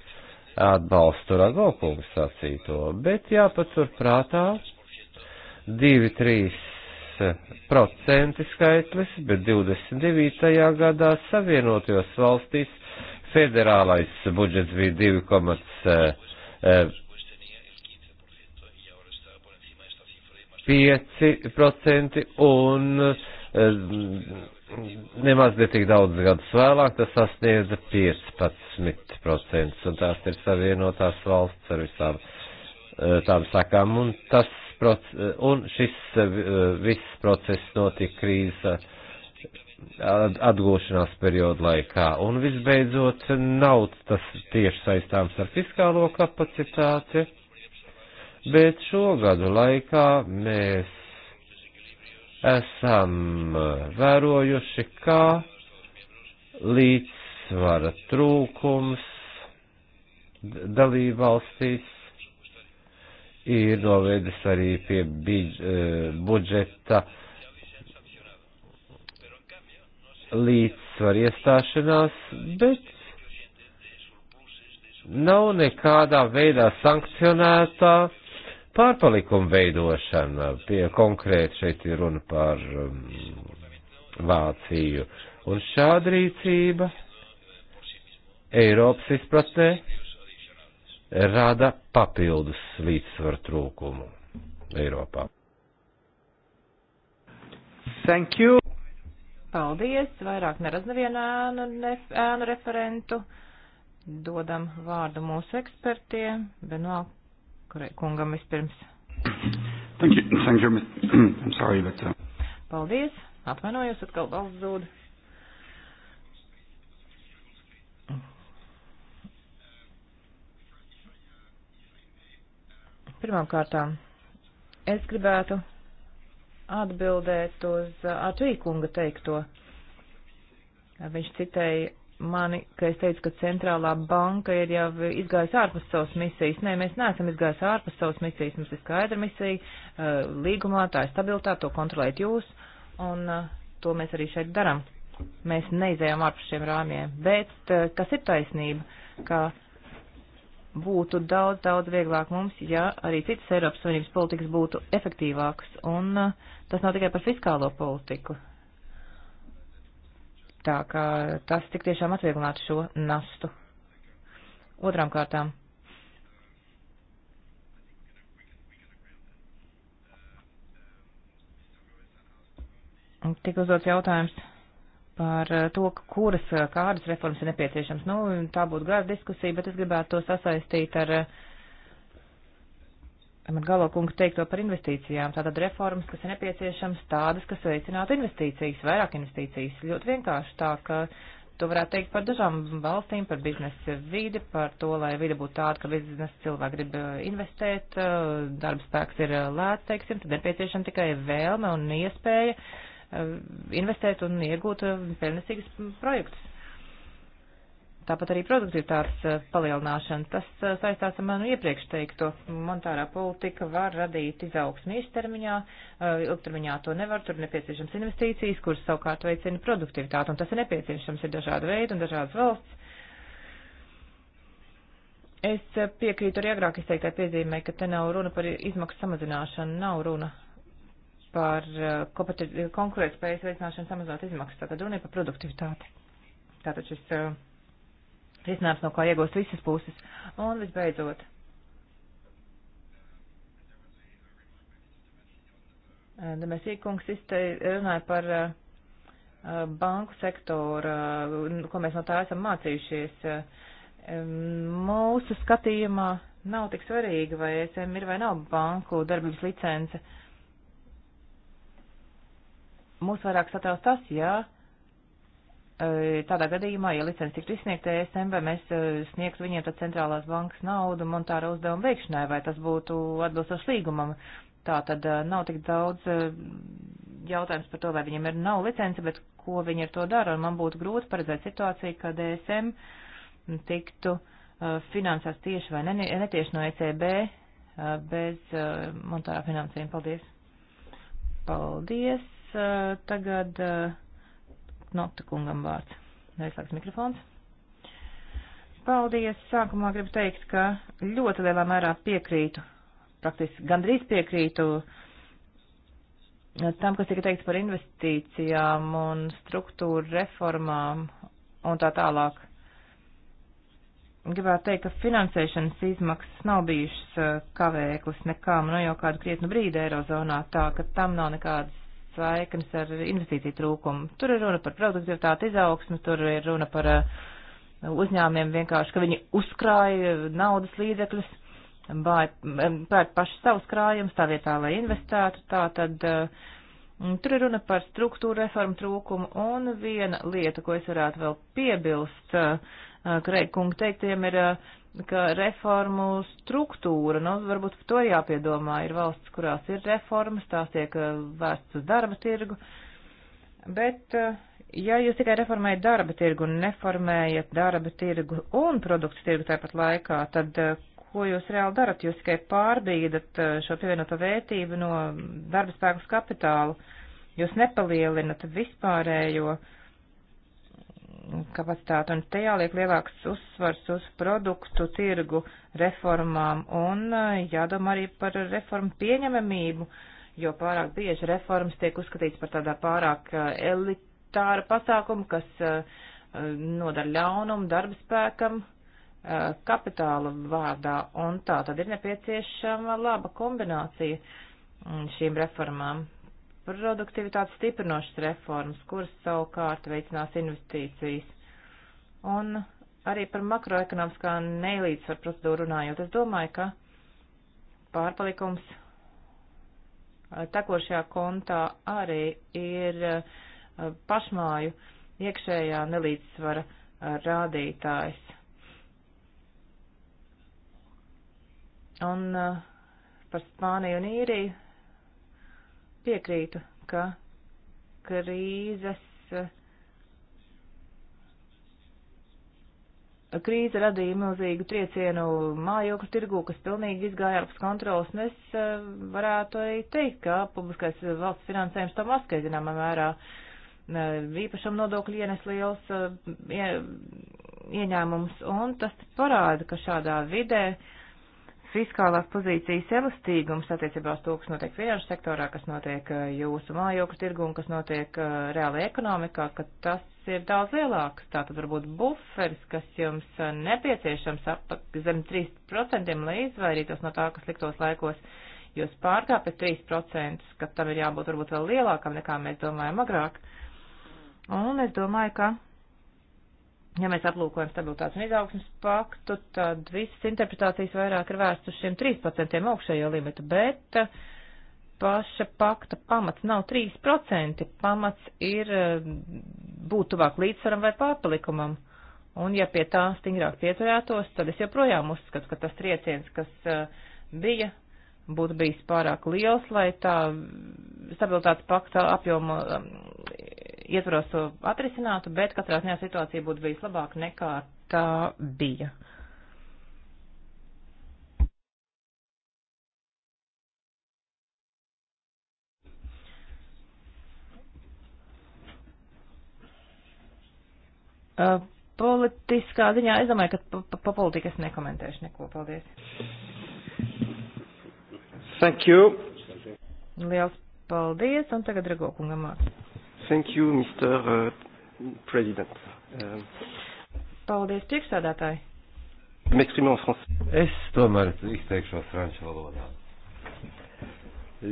atbalstu Ragokungu sacīto, bet jāpatur prātā 2-3% eh, skaitlis, bet 29. gadā Savienotajos valstīs federālais budžets bija 2, eh, 5% eh, un eh, nemaz netik daudz gadus vēlāk, tas sasniedza 15%, un tās ir savienotās valsts ar visām eh, tām sakām, un, tas, eh, un šis eh, viss process notika krīzes atgūšanās periodu laikā. Un visbeidzot, nav tas tieši saistāms ar fiskālo kapacitāti, bet šogadu laikā mēs esam uh, vērojuši, kā līdzsvara trūkums dalībvalstīs ir novedis arī pie biģ, uh, budžeta līdzsvar iestāšanās, bet nav nekādā veidā sankcionētā pārpalikumu veidošana, pie konkrēti šeit ir runa par um, Vāciju. Un šāda rīcība Eiropas izpratnē rada papildus līdzsvaru trūkumu Eiropā. Thank you. Paldies. Vairāk neredz nevienu ēnu, ēnu referentu. Dodam vārdu mūsu ekspertiem. Benoā kurai kungam vispirms. Thank you, thank you, *clears throat* I'm sorry, but, uh... Paldies, atvainojos, atkal balsts zūd. Pirmām kārtām, es gribētu atbildēt uz uh, Atvīkunga teikto. Viņš citēja mani, ka es teicu, ka centrālā banka ir jau izgājusi ārpus savas misijas. Nē, mēs neesam izgājusi ārpus savas misijas. Mums ir skaidra misija, eh, līgumā tā ir stabilitāte, to kontrolēt jūs, un eh, to mēs arī šeit daram. Mēs neizējām ārpus šiem rāmjiem. Bet eh, kas ir taisnība, ka būtu daudz, daudz vieglāk mums, ja arī citas Eiropas Savienības politikas būtu efektīvākas, un tas nav tikai par fiskālo politiku. Tā kā tas tik tiešām atvieglinātu šo nastu. Otrām kārtām. Tik uzdots jautājums par eh, to, kuras, eh, kādas reformas ir nepieciešams. Nu, tā būtu gara diskusija, bet es gribētu to sasaistīt ar uh, man galo kungu teikto par investīcijām. Tātad reformas, kas ir nepieciešams, tādas, kas veicinātu investīcijas, vairāk investīcijas. Ļoti vienkārši tā, ka to varētu teikt par dažām valstīm, par biznesa vidi, par to, lai vide būtu tāda, ka biznesa cilvēki grib uh, investēt, uh, darba spēks ir uh, lēts, teiksim, tad nepieciešama tikai vēlme un iespēja investēt un iegūt pelnesīgas projektus. Tāpat arī produktivitātes eh, palielināšana. Tas eh, saistās ar manu iepriekš teikto. Monetārā politika var radīt izaugsmi īstermiņā, eh, ilgtermiņā to nevar, tur nepieciešams investīcijas, kuras savukārt veicina produktivitāti, un tas ir nepieciešams, ir dažādi veidi un dažādas valsts. Es piekrītu arī agrāk izteiktai piezīmē, ka te nav runa par izmaksu samazināšanu, nav runa par konkurētspējas veicināšanu samazināt izmaksas, tātad runa ir par produktivitāti. Tātad šis uh, risinājums, no kā iegūst visas puses. Un visbeidzot, Demēs Īkungs runāja par uh, uh, banku sektoru, uh, ko mēs no tā esam mācījušies. Um, mūsu skatījumā nav tik svarīgi, vai ESM ir vai nav banku darbības licence. Mūs vairāk satrauc tas, jā. Ja E, tādā gadījumā, ja licence tiktu izsniegta ESM, vai mēs e, sniegtu viņiem tad centrālās bankas naudu monetāra uzdevuma veikšanai, vai tas būtu atbilstoši līgumam. Tā tad e, nav tik daudz jautājums par to, vai viņiem ir nav licence, bet ko viņi ar to dara, un man būtu grūti paredzēt situāciju, kad ESM tiktu finansēts tieši vai netieši no ECB bez monetārā finansējuma. Paldies! Paldies! Tagad. Nota kungam vārds. Neizslēgts mikrofons. Paldies. Sākumā gribu teikt, ka ļoti lielā mērā piekrītu, praktiski gandrīz piekrītu tam, kas tika teikts par investīcijām un struktūru reformām un tā tālāk. Gribētu teikt, ka finansēšanas izmaksas nav bijušas eh, kavēklis nekām, nu no jau kādu krietnu brīdi Eirozonā, tā ka tam nav nekādas saiknes ar investīciju trūkumu. Tur ir runa par produktivitāti izaugsmu, tur ir runa par uh, uzņēmiem vienkārši, ka viņi uzkrāja naudas līdzekļus, um, pērk paši savus krājumus tā vietā, lai investētu. Tā tad uh, tur ir runa par struktūra reformu trūkumu un viena lieta, ko es varētu vēl piebilst, uh, Eh, Kreikunga teiktiem ir, eh, ka reformu struktūra, nu, varbūt par to jāpiedomā, ir valsts, kurās ir reformas, tās tiek eh, vērsts uz darba tirgu, bet ja jūs tikai reformējat darba tirgu un neformējat darba tirgu un produktu tirgu tāpat laikā, tad ko jūs reāli darat? Jūs tikai pārbīdat šo pievienoto vērtību no darba spēkus kapitālu, jūs nepalielinat vispārējo uh, kapacitāti, un te jāliek lielāks uzsvars uz produktu tirgu reformām un eh, jādomā arī par reformu pieņemamību, jo pārāk bieži reformas tiek uzskatīts par tādā pārāk eh, elitāra pasākumu, kas eh, nodara ļaunumu darba spēkam kapitāla vārdā, un tā tad ir nepieciešama laba kombinācija mm, šīm reformām produktivitātes stiprinošas reformas, kuras savukārt veicinās investīcijas. Un arī par makroekonomiskā nelīdzsvaru procedūru runājot, es domāju, ka pārpalikums eh, tekošajā kontā arī ir eh, pašmāju iekšējā nelīdzsvara eh, rādītājs. Un par Spāniju un Īriju piekrītu, ka krīzes. Krīze radīja milzīgu triecienu mājokļu tirgū, kas pilnīgi izgāja ārpus kontrolas, un es eh, varētu arī teikt, ka publiskais valsts finansējums tam atskaidrā zināmā mērā eh, īpašam nodokļu ienes liels eh, ie, ieņēmums, un tas parāda, ka šādā vidē uh, fiskālās pozīcijas elastīgums attiecībā uz to, kas notiek finanšu sektorā, kas notiek eh, jūsu mājokļu tirgu un kas notiek eh, reālajā ekonomikā, ka tas ir daudz lielāks. Tātad varbūt buferis, kas jums eh, nepieciešams ap zem 3%, lai izvairītos no tā, kas liktos laikos. Jūs pārkāpjat 3%, ka tam ir jābūt varbūt vēl lielākam nekā mēs domājam agrāk. Un es domāju, ka ja mēs aplūkojam stabilitātes un izaugsmas paktu, tad visas interpretācijas vairāk ir vērsts uz šiem 3% augšējo limitu, bet eh, paša pakta pamats nav 3%, pamats ir eh, būt tuvāk līdzsvaram vai pārpalikumam. Un ja pie tā stingrāk pieturētos, tad es joprojām uzskatu, ka tas trieciens, kas eh, bija, būtu bijis pārāk liels, lai tā stabilitātes pakta apjoma ietvaros to atrisinātu, bet katrā ziņā situācija būtu bijis labāka nekā tā bija. Uh, politiskā ziņā es domāju, ka pa, pa politiku es nekomentēšu neko. Paldies. Thank you. Liels paldies, un tagad Rego kungam vārds. Thank you, Mr. Uh, president. Uh, Paldies, priekšsādātāji. Es tomēr izteikšos franču valodā.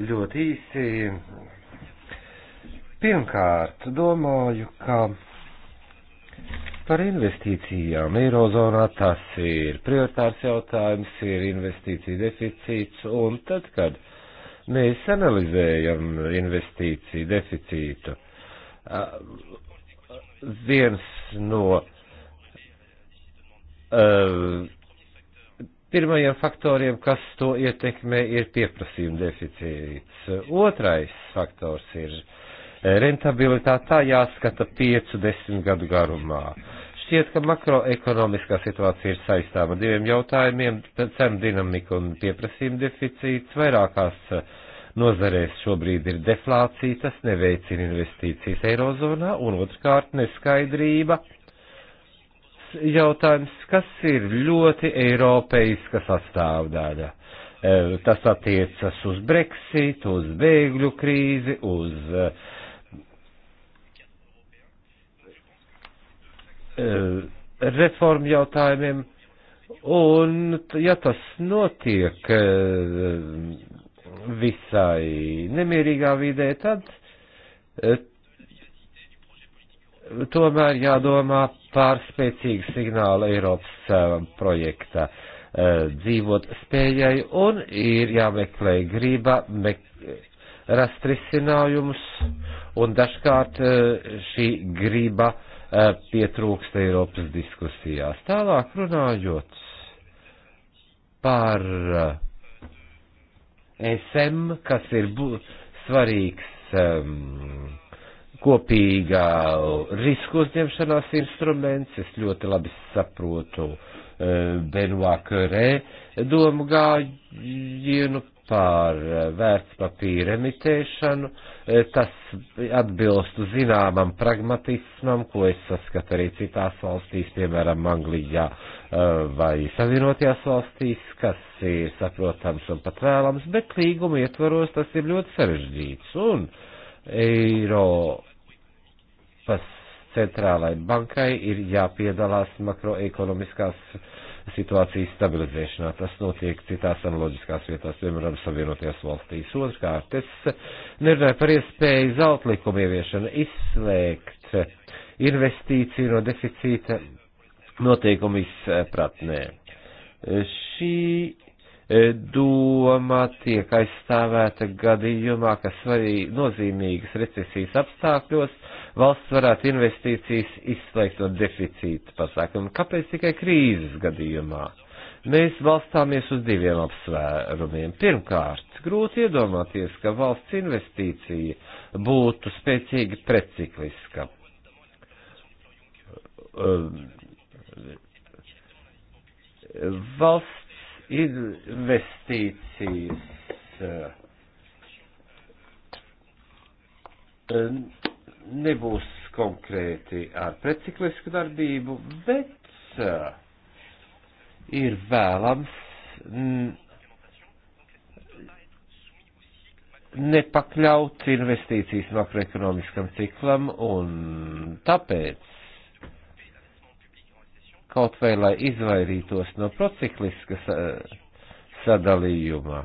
Ļoti īsi. Pirmkārt, domāju, ka par investīcijām Eirozonā tas ir prioritārs jautājums, ir investīcija deficīts, un tad, kad mēs analizējam investīciju deficītu, viens no eh, pirmajiem faktoriem, kas to ietekmē, ir pieprasījuma deficīts. Otrais faktors ir eh, rentabilitāte, tā jāskata 5-10 gadu garumā. Šķiet, ka makroekonomiskā situācija ir saistāma diviem jautājumiem - cenu dinamika un pieprasījuma deficīts vairākās uh, nozarēs šobrīd ir deflācija, tas neveicina investīcijas Eirozonā, un otrkārt neskaidrība jautājums, kas ir ļoti eiropeiska sastāvdaļa. E, tas attiecas uz Brexit, uz bēgļu krīzi, uz e, reformu jautājumiem. Un, ja tas notiek, e, visai nemierīgā vidē, tad eh, tomēr jādomā par spēcīgu signālu Eiropas eh, projekta eh, dzīvot spējai un ir jāmeklē grība mek rast risinājumus un dažkārt šī grība pietrūkst Eiropas diskusijās. Tālāk runājot par uh, SM, kas ir svarīgs um, kopīgā risku uzņemšanās instruments. Es ļoti labi saprotu uh, Benoā Körē domu gājienu par uh, vērtspapīra emitēšanu. Uh, E, tas atbilst zināmam pragmatismam, ko es saskatu arī citās valstīs, piemēram, Anglijā e, vai Savienotajās valstīs, kas ir saprotams un pat vēlams, bet līguma ietvaros tas ir ļoti sarežģīts. Un Eiropas centrālai bankai ir jāpiedalās makroekonomiskās situācijas stabilizēšanā. Tas notiek citās analoģiskās vietās, piemēram, Savienotajās valstīs. Otrkārt, es nerunāju par iespēju zeltlikumu ieviešanu izslēgt investīciju no deficīta noteikumu izpratnē. Šī E, doma tiek aizstāvēta gadījumā, ka svarīgi nozīmīgas recesijas apstākļos valsts varētu investīcijas izslēgt no deficīta pasākumu. Kāpēc tikai krīzes gadījumā? Mēs balstāmies uz diviem apsvērumiem. Pirmkārt, grūti iedomāties, ka valsts investīcija būtu spēcīgi precikliska. Um, valsts investīcijas eh, nebūs konkrēti ar preciklisku darbību, bet eh, ir vēlams nepakļaut investīcijas makroekonomiskam ciklam, un tāpēc kaut vai lai izvairītos no procikliska sadalījumā.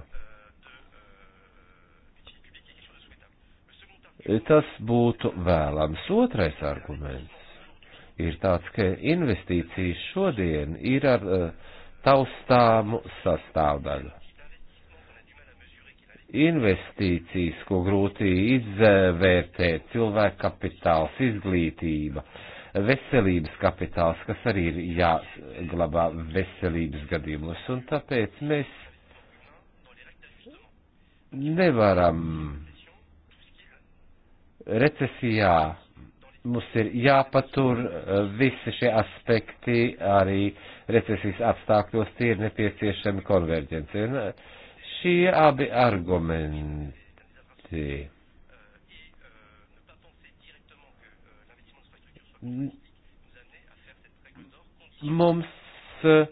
Tas būtu vēlams. Otrais arguments ir tāds, ka investīcijas šodien ir ar eh, taustāmu sastāvdaļu. Investīcijas, ko grūti izvērtēt, cilvēka kapitāls, izglītība, uh, veselības kapitāls, kas arī ir jāglabā veselības gadījumos, un tāpēc mēs nevaram recesijā mums ir jāpatur eh, visi šie aspekti, arī recesijas apstākļos tie ir nepieciešami konverģencija. Eh, šie abi argumenti mums eh,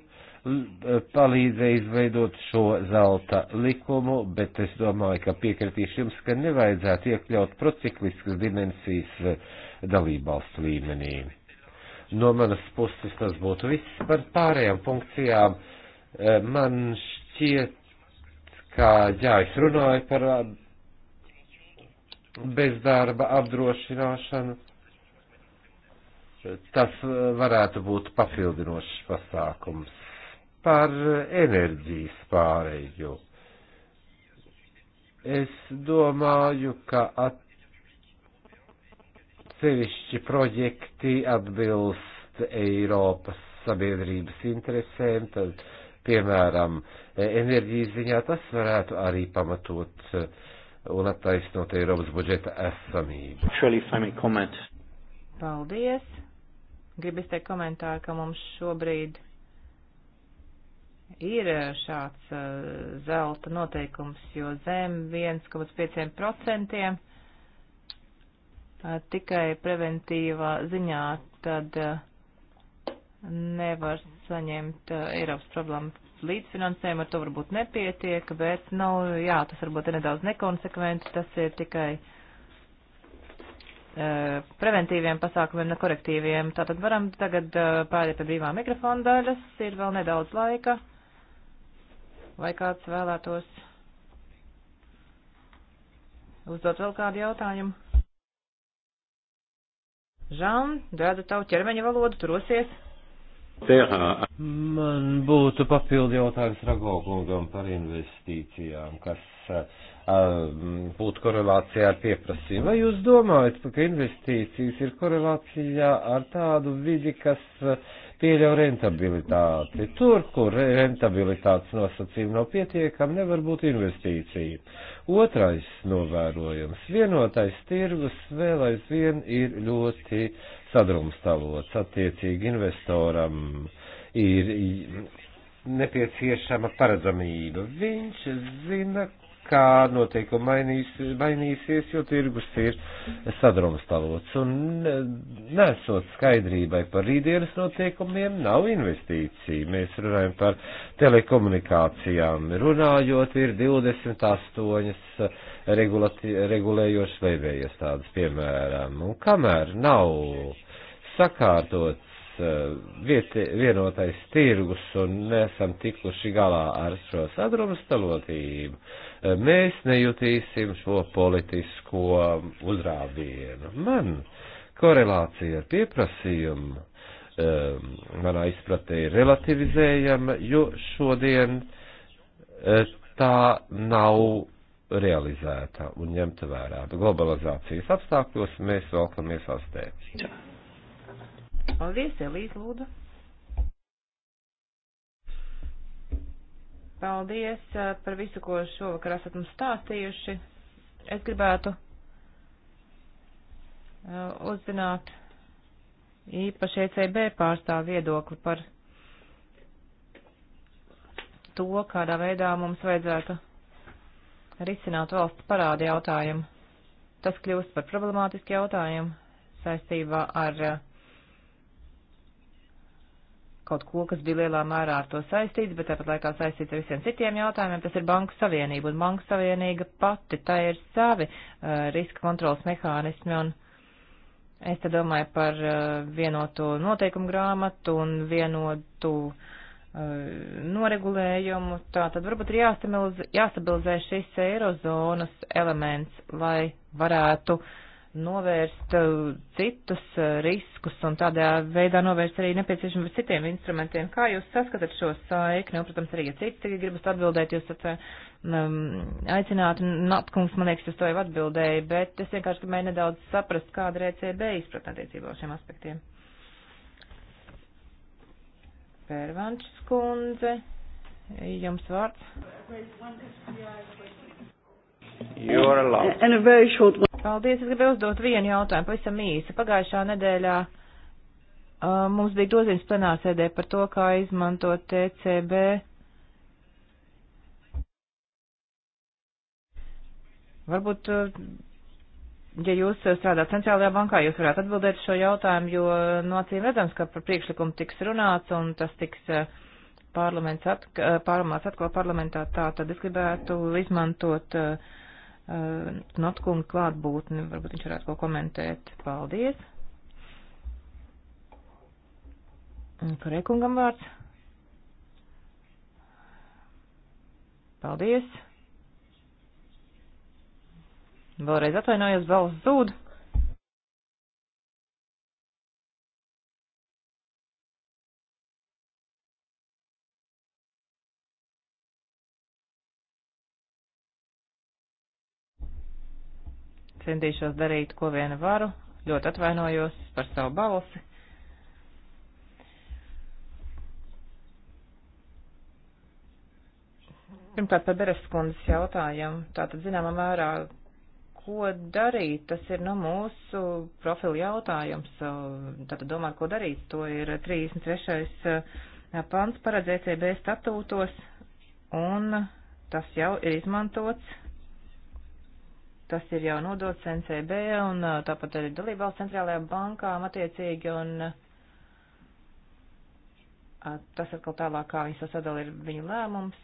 palīdzēja izveidot šo zelta likumu, bet es domāju, ka piekritīšu jums, ka nevajadzētu iekļaut procikliskas dimensijas eh, dalībvalstu līmenī. No manas puses tas būtu viss par pārējām funkcijām. Eh, man šķiet, ka, jā, es runāju par bezdarba apdrošināšanu Tas eh, varētu būt papildinošs pasākums par eh, enerģijas pārēju. Es domāju, ka atsevišķi projekti atbilst Eiropas sabiedrības interesēm, tad, piemēram, eh, enerģijas ziņā tas varētu arī pamatot un attaisnot Eiropas budžeta esamību. Paldies! Gribu izteikt komentāru, ka mums šobrīd ir eh, šāds eh, zelta noteikums, jo zem 1,5% eh, tikai preventīvā ziņā tad nevar saņemt Eiropas problēmu līdzfinansējumu, ar to varbūt nepietiek, bet, nu, jā, tas varbūt ir nedaudz nekonsekventi, tas ir tikai uh, Eh, preventīviem pasākumiem, ne korektīviem. Tātad varam tagad eh, pāriet pie brīvā mikrofona daļas, ir vēl nedaudz laika. Vai kāds vēlētos uzdot vēl kādu jautājumu? Žan, dēdu tavu ķermeņa valodu, turosies. Man būtu papildi jautājums Ragokungam par investīcijām, kas eh, Um, būtu korelācijā ar pieprasījumu. Vai jūs domājat, ka investīcijas ir korelācijā ar tādu vidi, kas uh, pieļauj rentabilitāti? Tur, kur rentabilitātes nosacījumi nav pietiekami, nevar būt investīcija. Otrais novērojums - vienotais tirgus vēl aizvien ir ļoti sadrumstalots attiecīgi investoram. Ir nepieciešama paredzamība. Viņš zina, kā noteikumi mainīs, mainīsies, jo tirgus ir sadrumstalots. Un eh, nesot skaidrībai par rītdienas noteikumiem, nav investīcija. Mēs runājam par telekomunikācijām. Runājot, ir 28 eh, regulējošas lēvējies tādas, piemēram. Un kamēr nav sakārtot Eh, vieti, vienotais tirgus un nesam tikuši galā ar šo sadrumstalotību, eh, mēs nejutīsim šo politisko uzrāvienu. Man korelācija ar pieprasījumu eh, manā izpratē ir relativizējama, jo šodien tā nav realizēta un ņemta vērā. Globalizācijas apstākļos mēs velkamies astē. Jā. Paldies, Elīze Lūda. Paldies eh, par visu, ko šovakar esat mums stāstījuši. Es gribētu eh, uzzināt īpaši ECB pārstāvu viedokli par to, kādā veidā mums vajadzētu risināt valsts parāda jautājumu. Tas kļūst par problemātisku jautājumu saistībā ar eh, kaut ko, kas bija lielā mērā ar to saistīts, bet tāpat laikā saistīts ar visiem citiem jautājumiem, tas ir Banku Savienība, un Banku Savienība pati, tā ir savi uh, riska kontrols mehānismi, un es te domāju par uh, vienotu noteikumu grāmatu un vienotu uh, noregulējumu, tā tad varbūt ir jāstabilizē šis eirozonas elements, lai varētu uh, novērst uh, citus uh, riskus un tādā veidā novērst arī nepieciešamību citiem instrumentiem. Kā jūs saskatāt šo saikni? Un, protams, arī, ja citi gribas atbildēt, jūs esat um, aicināti, Natkungs, man liekas, jūs to jau atbildēju, bet es vienkārši gribēju nedaudz saprast, kāda ir ECB izpratne attiecībā uz šiem aspektiem. Pērvančs kundze, jums vārds. Paldies, es gribēju uzdot vienu jautājumu, pavisam īsi. Pagājušā nedēļā uh, mums bija doziņas plenārsēdē par to, kā izmantot TCB. Varbūt, uh, ja jūs strādājat centrālajā bankā, jūs varētu atbildēt šo jautājumu, jo no nu, acīm redzams, ka par priekšlikumu tiks runāts un tas tiks uh, parlaments atk pārumāts atkal parlamentā. Tā tad es gribētu izmantot. Uh, uh, eh, Notkunga klātbūtni, varbūt viņš varētu ko komentēt. Paldies. Karekungam vārds. Paldies. Vēlreiz atvainojos, balss zūd. centīšos darīt, ko vien varu. Ļoti atvainojos par savu balsi. Pirmkārt, par Bereskundas jautājumu. Tātad, zināmā mērā, ko darīt, tas ir no nu, mūsu profila jautājums. Tātad, domāt, ko darīt, to ir 33. pants paredzēts EB statūtos, un tas jau ir izmantots Tas ir jau nodots NCB un tāpat arī dalībvalsts centrālajām bankām attiecīgi un tas atkal tālāk, kā viņas to sadala, ir viņu lēmums.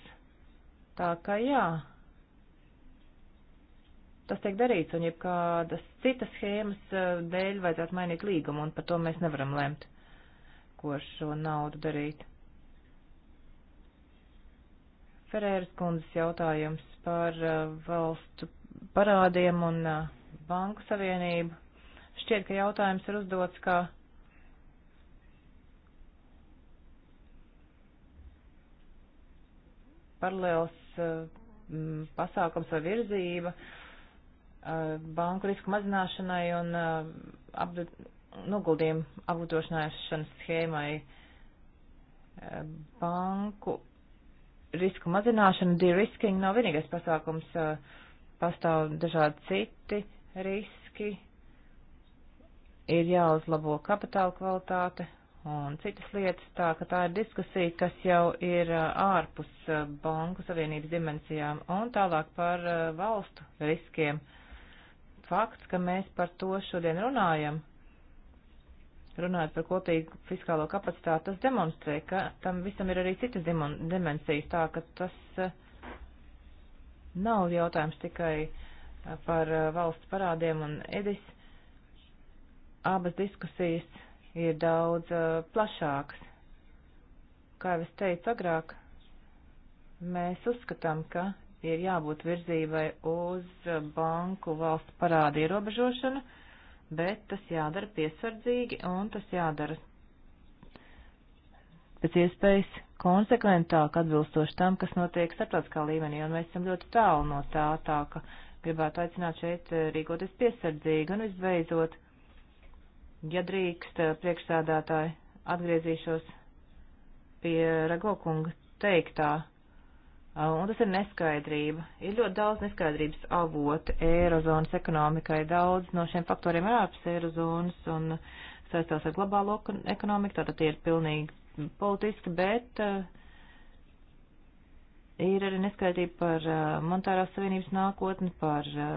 Tā ka jā, tas tiek darīts un jebkādas citas schēmas dēļ vajadzētu mainīt līgumu un par to mēs nevaram lemt, ko ar šo naudu darīt. Ferēras kundzes jautājums par valstu parādiem un banku savienību. Šķiet, ka jautājums ir uzdots, kā paralēls pasākums vai virzība banku risku mazināšanai un noguldījumu apgūtošanāšanas schēmai. Banku risku mazināšana, de-risking nav vienīgais pasākums. Uh, pastāv dažādi citi riski, ir jāuzlabo kapitāla kvalitāte un citas lietas, tā ka tā ir diskusija, kas jau ir ārpus banku savienības dimensijām un tālāk par valstu riskiem. Fakts, ka mēs par to šodien runājam, runājot par kopīgu fiskālo kapacitāti, tas demonstrē, ka tam visam ir arī citas dimensijas, tā ka tas uh, nav jautājums tikai eh, par eh, valsts parādiem un edis. Abas diskusijas ir daudz eh, plašākas. Kā jau es teicu agrāk, mēs uzskatām, ka ir jābūt virzībai uz banku valsts parādu ierobežošanu, bet tas jādara piesardzīgi un tas jādara pēc iespējas konsekventāk atbilstoši tam, kas notiek starptautiskā līmenī, un mēs esam ļoti tālu no tā, tā ka gribētu aicināt šeit eh, rīkoties piesardzīgi, un visbeidzot, ja drīkst eh, priekšsādātāji, atgriezīšos pie Ragokunga teiktā, eh, un tas ir neskaidrība. Ir ļoti daudz neskaidrības avotu Eirozonas ekonomikai, daudz no šiem faktoriem ir ārpus Eirozonas un saistās ar globālo ekonomiku, tātad tie ir pilnīgi politiski, bet eh, ir arī neskaitība par eh, monetārās savienības nākotni, par eh,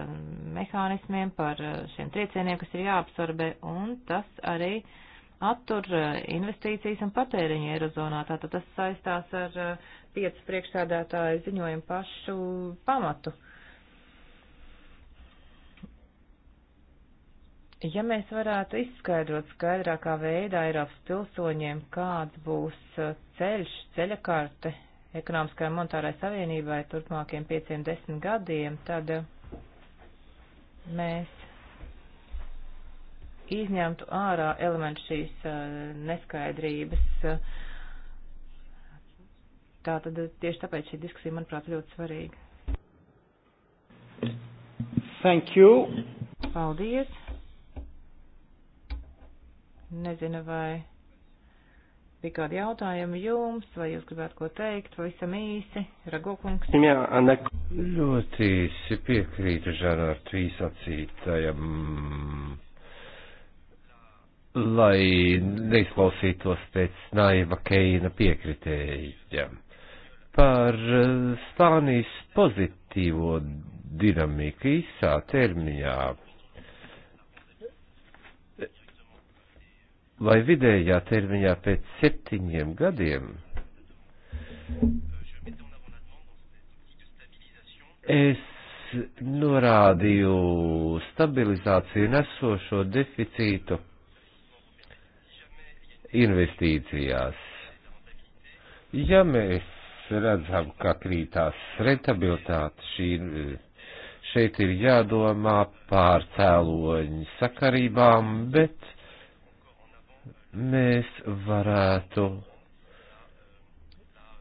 mehānismiem, par šiem triecieniem, kas ir jāabsorbē, un tas arī attur investīcijas un patēriņu Eirozonā. Tātad tas saistās ar piecas priekšsādātāju ziņojumu pašu pamatu. Uh, Ja mēs varētu izskaidrot skaidrākā veidā Eiropas pilsoņiem, kāds būs uh, ceļš, ceļakarte ekonomiskajai monetārai savienībai turpmākiem pieciem desmit gadiem, tad uh, mēs izņemtu ārā elementu šīs uh, neskaidrības. Tātad tieši tāpēc šī diskusija, manuprāt, ļoti svarīga. Thank you. Paldies. Nezinu, vai bija kādi jautājumi jums, vai jūs gribētu ko teikt, pavisam īsi, Ragokungs. Jā, Anna. Ļoti īsi piekrītu Žanārtu īsacītajam, lai neizklausītos pēc naiva Keina piekritēja. Par Spānijas pozitīvo dinamiku īsā termiņā lai vidējā termiņā pēc septiņiem gadiem es norādīju stabilizāciju nesošo deficītu investīcijās. Ja mēs redzam, ka krītās rentabilitāte šī šeit ir jādomā pār cēloņu sakarībām, bet mēs varētu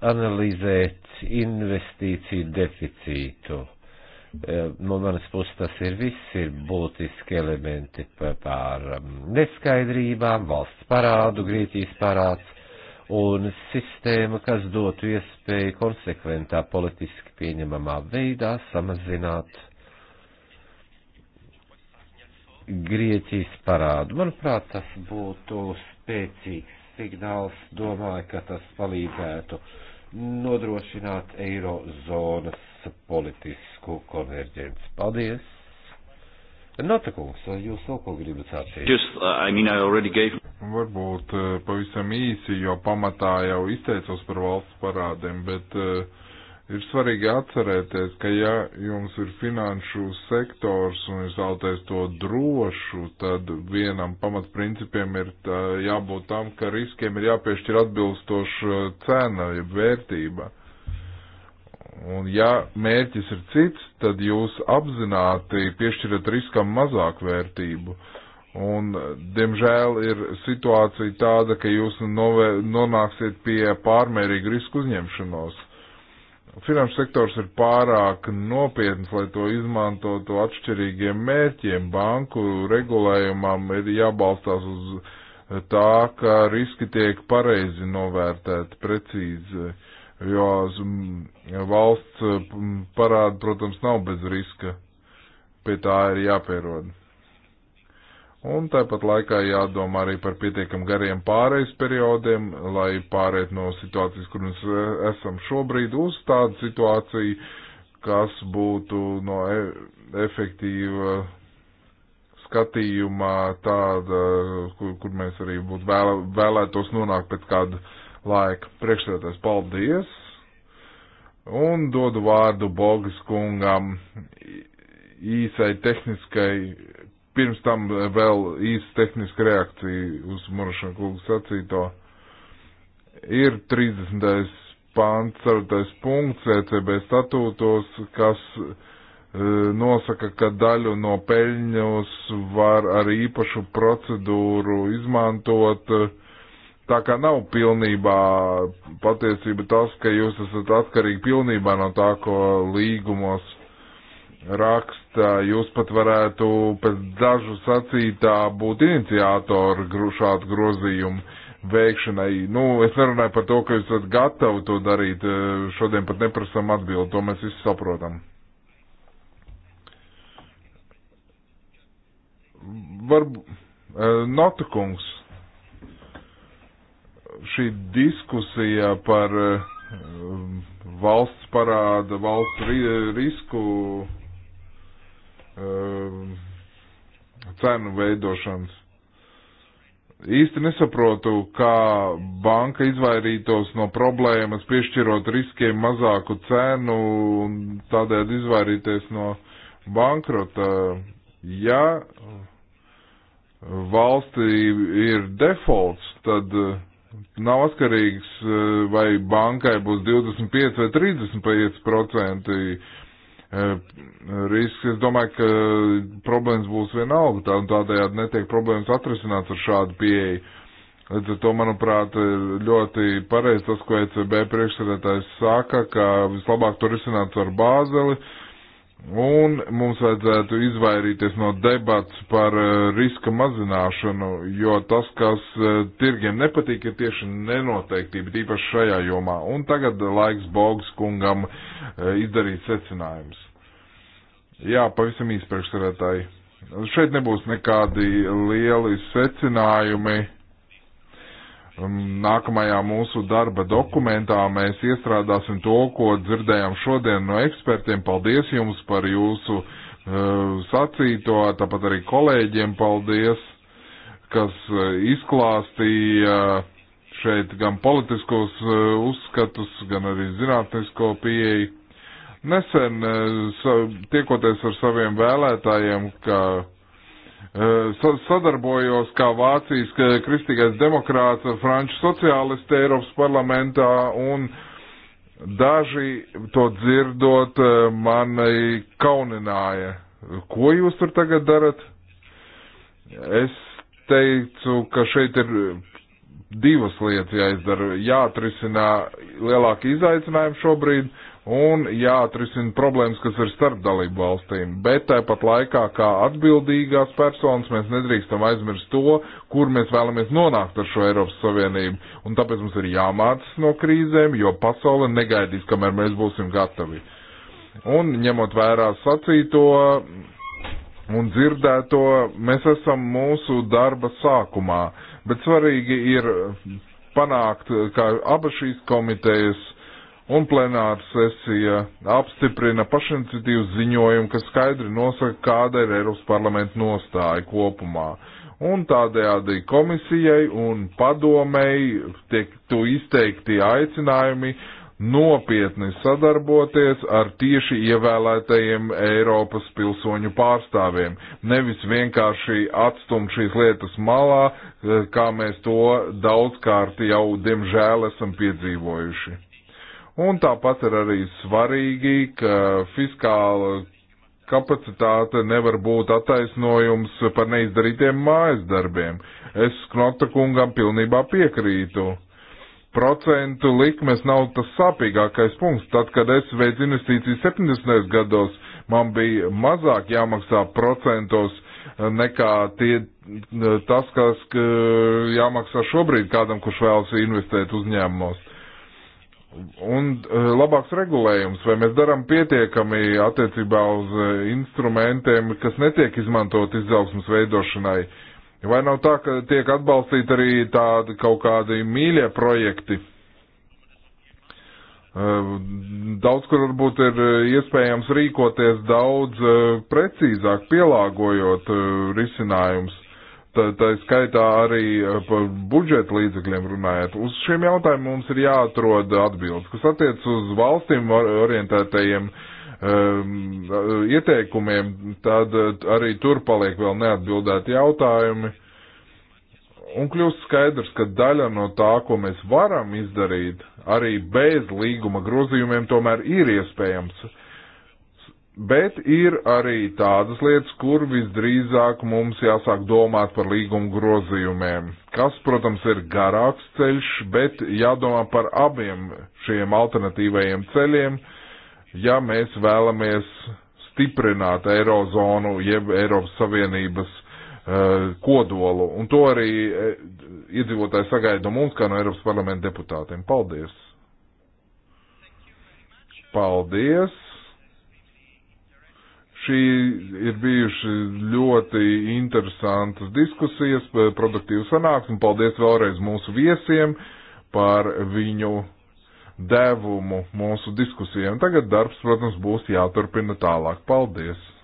analizēt investīciju deficītu. E, no manas puses tas ir viss, ir būtiski elementi par um, neskaidrībām, valsts parādu, Grieķijas parāds un sistēma, kas dotu iespēju konsekventā politiski pieņemamā veidā samazināt Grieķijas parādu. Manuprāt, tas būtu spēcīgs signāls. Domāju, ka tas palīdzētu nodrošināt eirozonas politisku konverģenci. Paldies! Notekungs, vai jūs vēl ko gribat sacīt? Just, uh, I mean, I already gave. Varbūt uh, pavisam īsi, jo pamatā jau izteicos par valsts parādiem, bet uh, Ir svarīgi atcerēties, ka ja jums ir finanšu sektors un jūs vēlaties to drošu, tad vienam pamatprincipiem ir tā, jābūt tam, ka riskiem ir jāpiešķir atbilstoša cena, ja vērtība. Un ja mērķis ir cits, tad jūs apzināti piešķirat riskam mazāk vērtību. Un, diemžēl, ir situācija tāda, ka jūs novē, nonāksiet pie pārmērīga riska uzņemšanos finanšu sektors ir pārāk nopietns, lai to izmantotu atšķirīgiem mērķiem. Banku regulējumam ir jābalstās uz tā, ka riski tiek pareizi novērtēti, precīzi, jo valsts parāda, protams, nav bez riska. Pie tā ir jāpierod. Un tāpat laikā jādomā arī par pietiekam gariem pārejas periodiem, lai pāriet no situācijas, kur mēs e, esam šobrīd, uz tādu situāciju, kas būtu no e efektīva skatījumā tāda, kur, kur mēs arī būtu vēlē, vēlētos nonākt pēc kāda laika. Priekšsēdētājs, paldies! Un dodu vārdu Bogas kungam īsai tehniskai Pirms tam vēl īsta tehniska reakcija uz Murašana kungu sacīto. Ir 30. pāns, 4. punkts ECB statūtos, kas e, nosaka, ka daļu no peļņos var ar īpašu procedūru izmantot. Tā kā nav pilnībā patiesība tas, ka jūs esat atkarīgi pilnībā no tā, ko līgumos raksta, jūs pat varētu pēc dažu sacītā būt iniciātori šādu grozījumu veikšanai. Nu, es nerunāju par to, ka jūs esat gatavi to darīt. E, šodien pat neprasam atbildi, to mēs visi saprotam. Varbūt e, Notakungs, šī diskusija par e, valsts parāda, valsts risku Um, cenu veidošanas. Īsti nesaprotu, kā banka izvairītos no problēmas, piešķirot riskiem mazāku cenu un tādēļ izvairīties no bankrota. Ja valstī ir defaults, tad uh, nav atkarīgs, uh, vai bankai būs 25 vai 35 procenti risks. Es domāju, ka problēmas būs vienalga, tā, un tādējādi netiek problēmas atrisināts ar šādu pieeju. Līdz ar to, manuprāt, ir ļoti pareizi tas, ko ECB priekšsēdētājs saka, ka vislabāk to risināts ar bāzeli, uh, Un mums vajadzētu izvairīties no debats par eh, riska mazināšanu, jo tas, kas eh, tirgiem nepatīk, ir tieši nenoteiktība, tīpaši šajā jomā. Un tagad laiks Bogs kungam eh, izdarīt secinājumus. Jā, pavisam īsti priekšsarētāji. Šeit nebūs nekādi lieli secinājumi Um, nākamajā mūsu darba dokumentā mēs iestrādāsim to, ko dzirdējām šodien no ekspertiem. Paldies jums par jūsu uh, sacīto, tāpat arī kolēģiem paldies, kas uh, izklāstīja šeit gan politiskos uh, uzskatus, gan arī zinātnisko pieeju. Nesen uh, tiekoties ar saviem vēlētājiem, ka Eh, sadarbojos kā Vācijas kristīgais demokrāts ar franču sociālistu Eiropas parlamentā un daži to dzirdot eh, mani kaunināja. Ko jūs tur tagad darat? Es teicu, ka šeit ir divas lietas jāizdara. Jāatrisinā lielāka izaicinājuma šobrīd un jāatrisina problēmas, kas ir starp dalību valstīm. Bet tāpat laikā, kā atbildīgās personas, mēs nedrīkstam aizmirst to, kur mēs vēlamies nonākt ar šo Eiropas Savienību. Un tāpēc mums ir jāmācas no krīzēm, jo pasaule negaidīs, kamēr mēs būsim gatavi. Un ņemot vērā sacīto un dzirdēto, mēs esam mūsu darba sākumā. Bet svarīgi ir panākt, ka abas šīs komitejas un plenāra sesija apstiprina pašiniciatīvu ziņojumu, kas skaidri nosaka, kāda ir Eiropas parlamenta nostāja kopumā. Un tādējādi komisijai un padomei tiek tu izteikti aicinājumi nopietni sadarboties ar tieši ievēlētajiem Eiropas pilsoņu pārstāvjiem. Nevis vienkārši atstumt šīs lietas malā, kā mēs to daudzkārt jau, diemžēl, esam piedzīvojuši. Un tāpat ir arī svarīgi, ka fiskāla kapacitāte nevar būt attaisnojums par neizdarītiem mājas darbiem. Es Knota kungam pilnībā piekrītu. Procentu likmes nav tas sāpīgākais punkts. Tad, kad es veicu investīcijas 70. gados, man bija mazāk jāmaksā procentos nekā tie, tas, kas jāmaksā šobrīd kādam, kurš vēlas investēt uzņēmumos. Un e, labāks regulējums, vai mēs darām pietiekami attiecībā uz e, instrumentiem, kas netiek izmantot izaugsmas veidošanai. Vai nav tā, ka tiek atbalstīti arī tādi kaut kādi mīļie projekti? E, daudz, kur varbūt ir iespējams rīkoties daudz precīzāk, pielāgojot risinājums tā, tā skaitā arī eh, par budžeta līdzekļiem runājot. Uz šiem jautājumiem mums ir jāatrod atbildes, kas attiec uz valstīm orientētajiem um, ieteikumiem, tad eh, arī tur paliek vēl neatbildēti jautājumi. Un kļūst skaidrs, ka daļa no tā, ko mēs varam izdarīt, arī bez līguma grozījumiem tomēr ir iespējams Bet ir arī tādas lietas, kur visdrīzāk mums jāsāk domāt par līgumu grozījumiem, kas, protams, ir garāks ceļš, bet jādomā par abiem šiem alternatīvajiem ceļiem, ja mēs vēlamies stiprināt Eirozonu jeb Eiropas Savienības uh, kodolu. Un to arī eh, iedzīvotāji sagaida mums, kā no Eiropas parlamenta deputātiem. Paldies! Paldies! Šī ir bijuši ļoti interesantas diskusijas, eh, produktīva sanāksme. Paldies vēlreiz mūsu viesiem par viņu devumu mūsu diskusijām. Tagad darbs, protams, būs jāturpina tālāk. Paldies!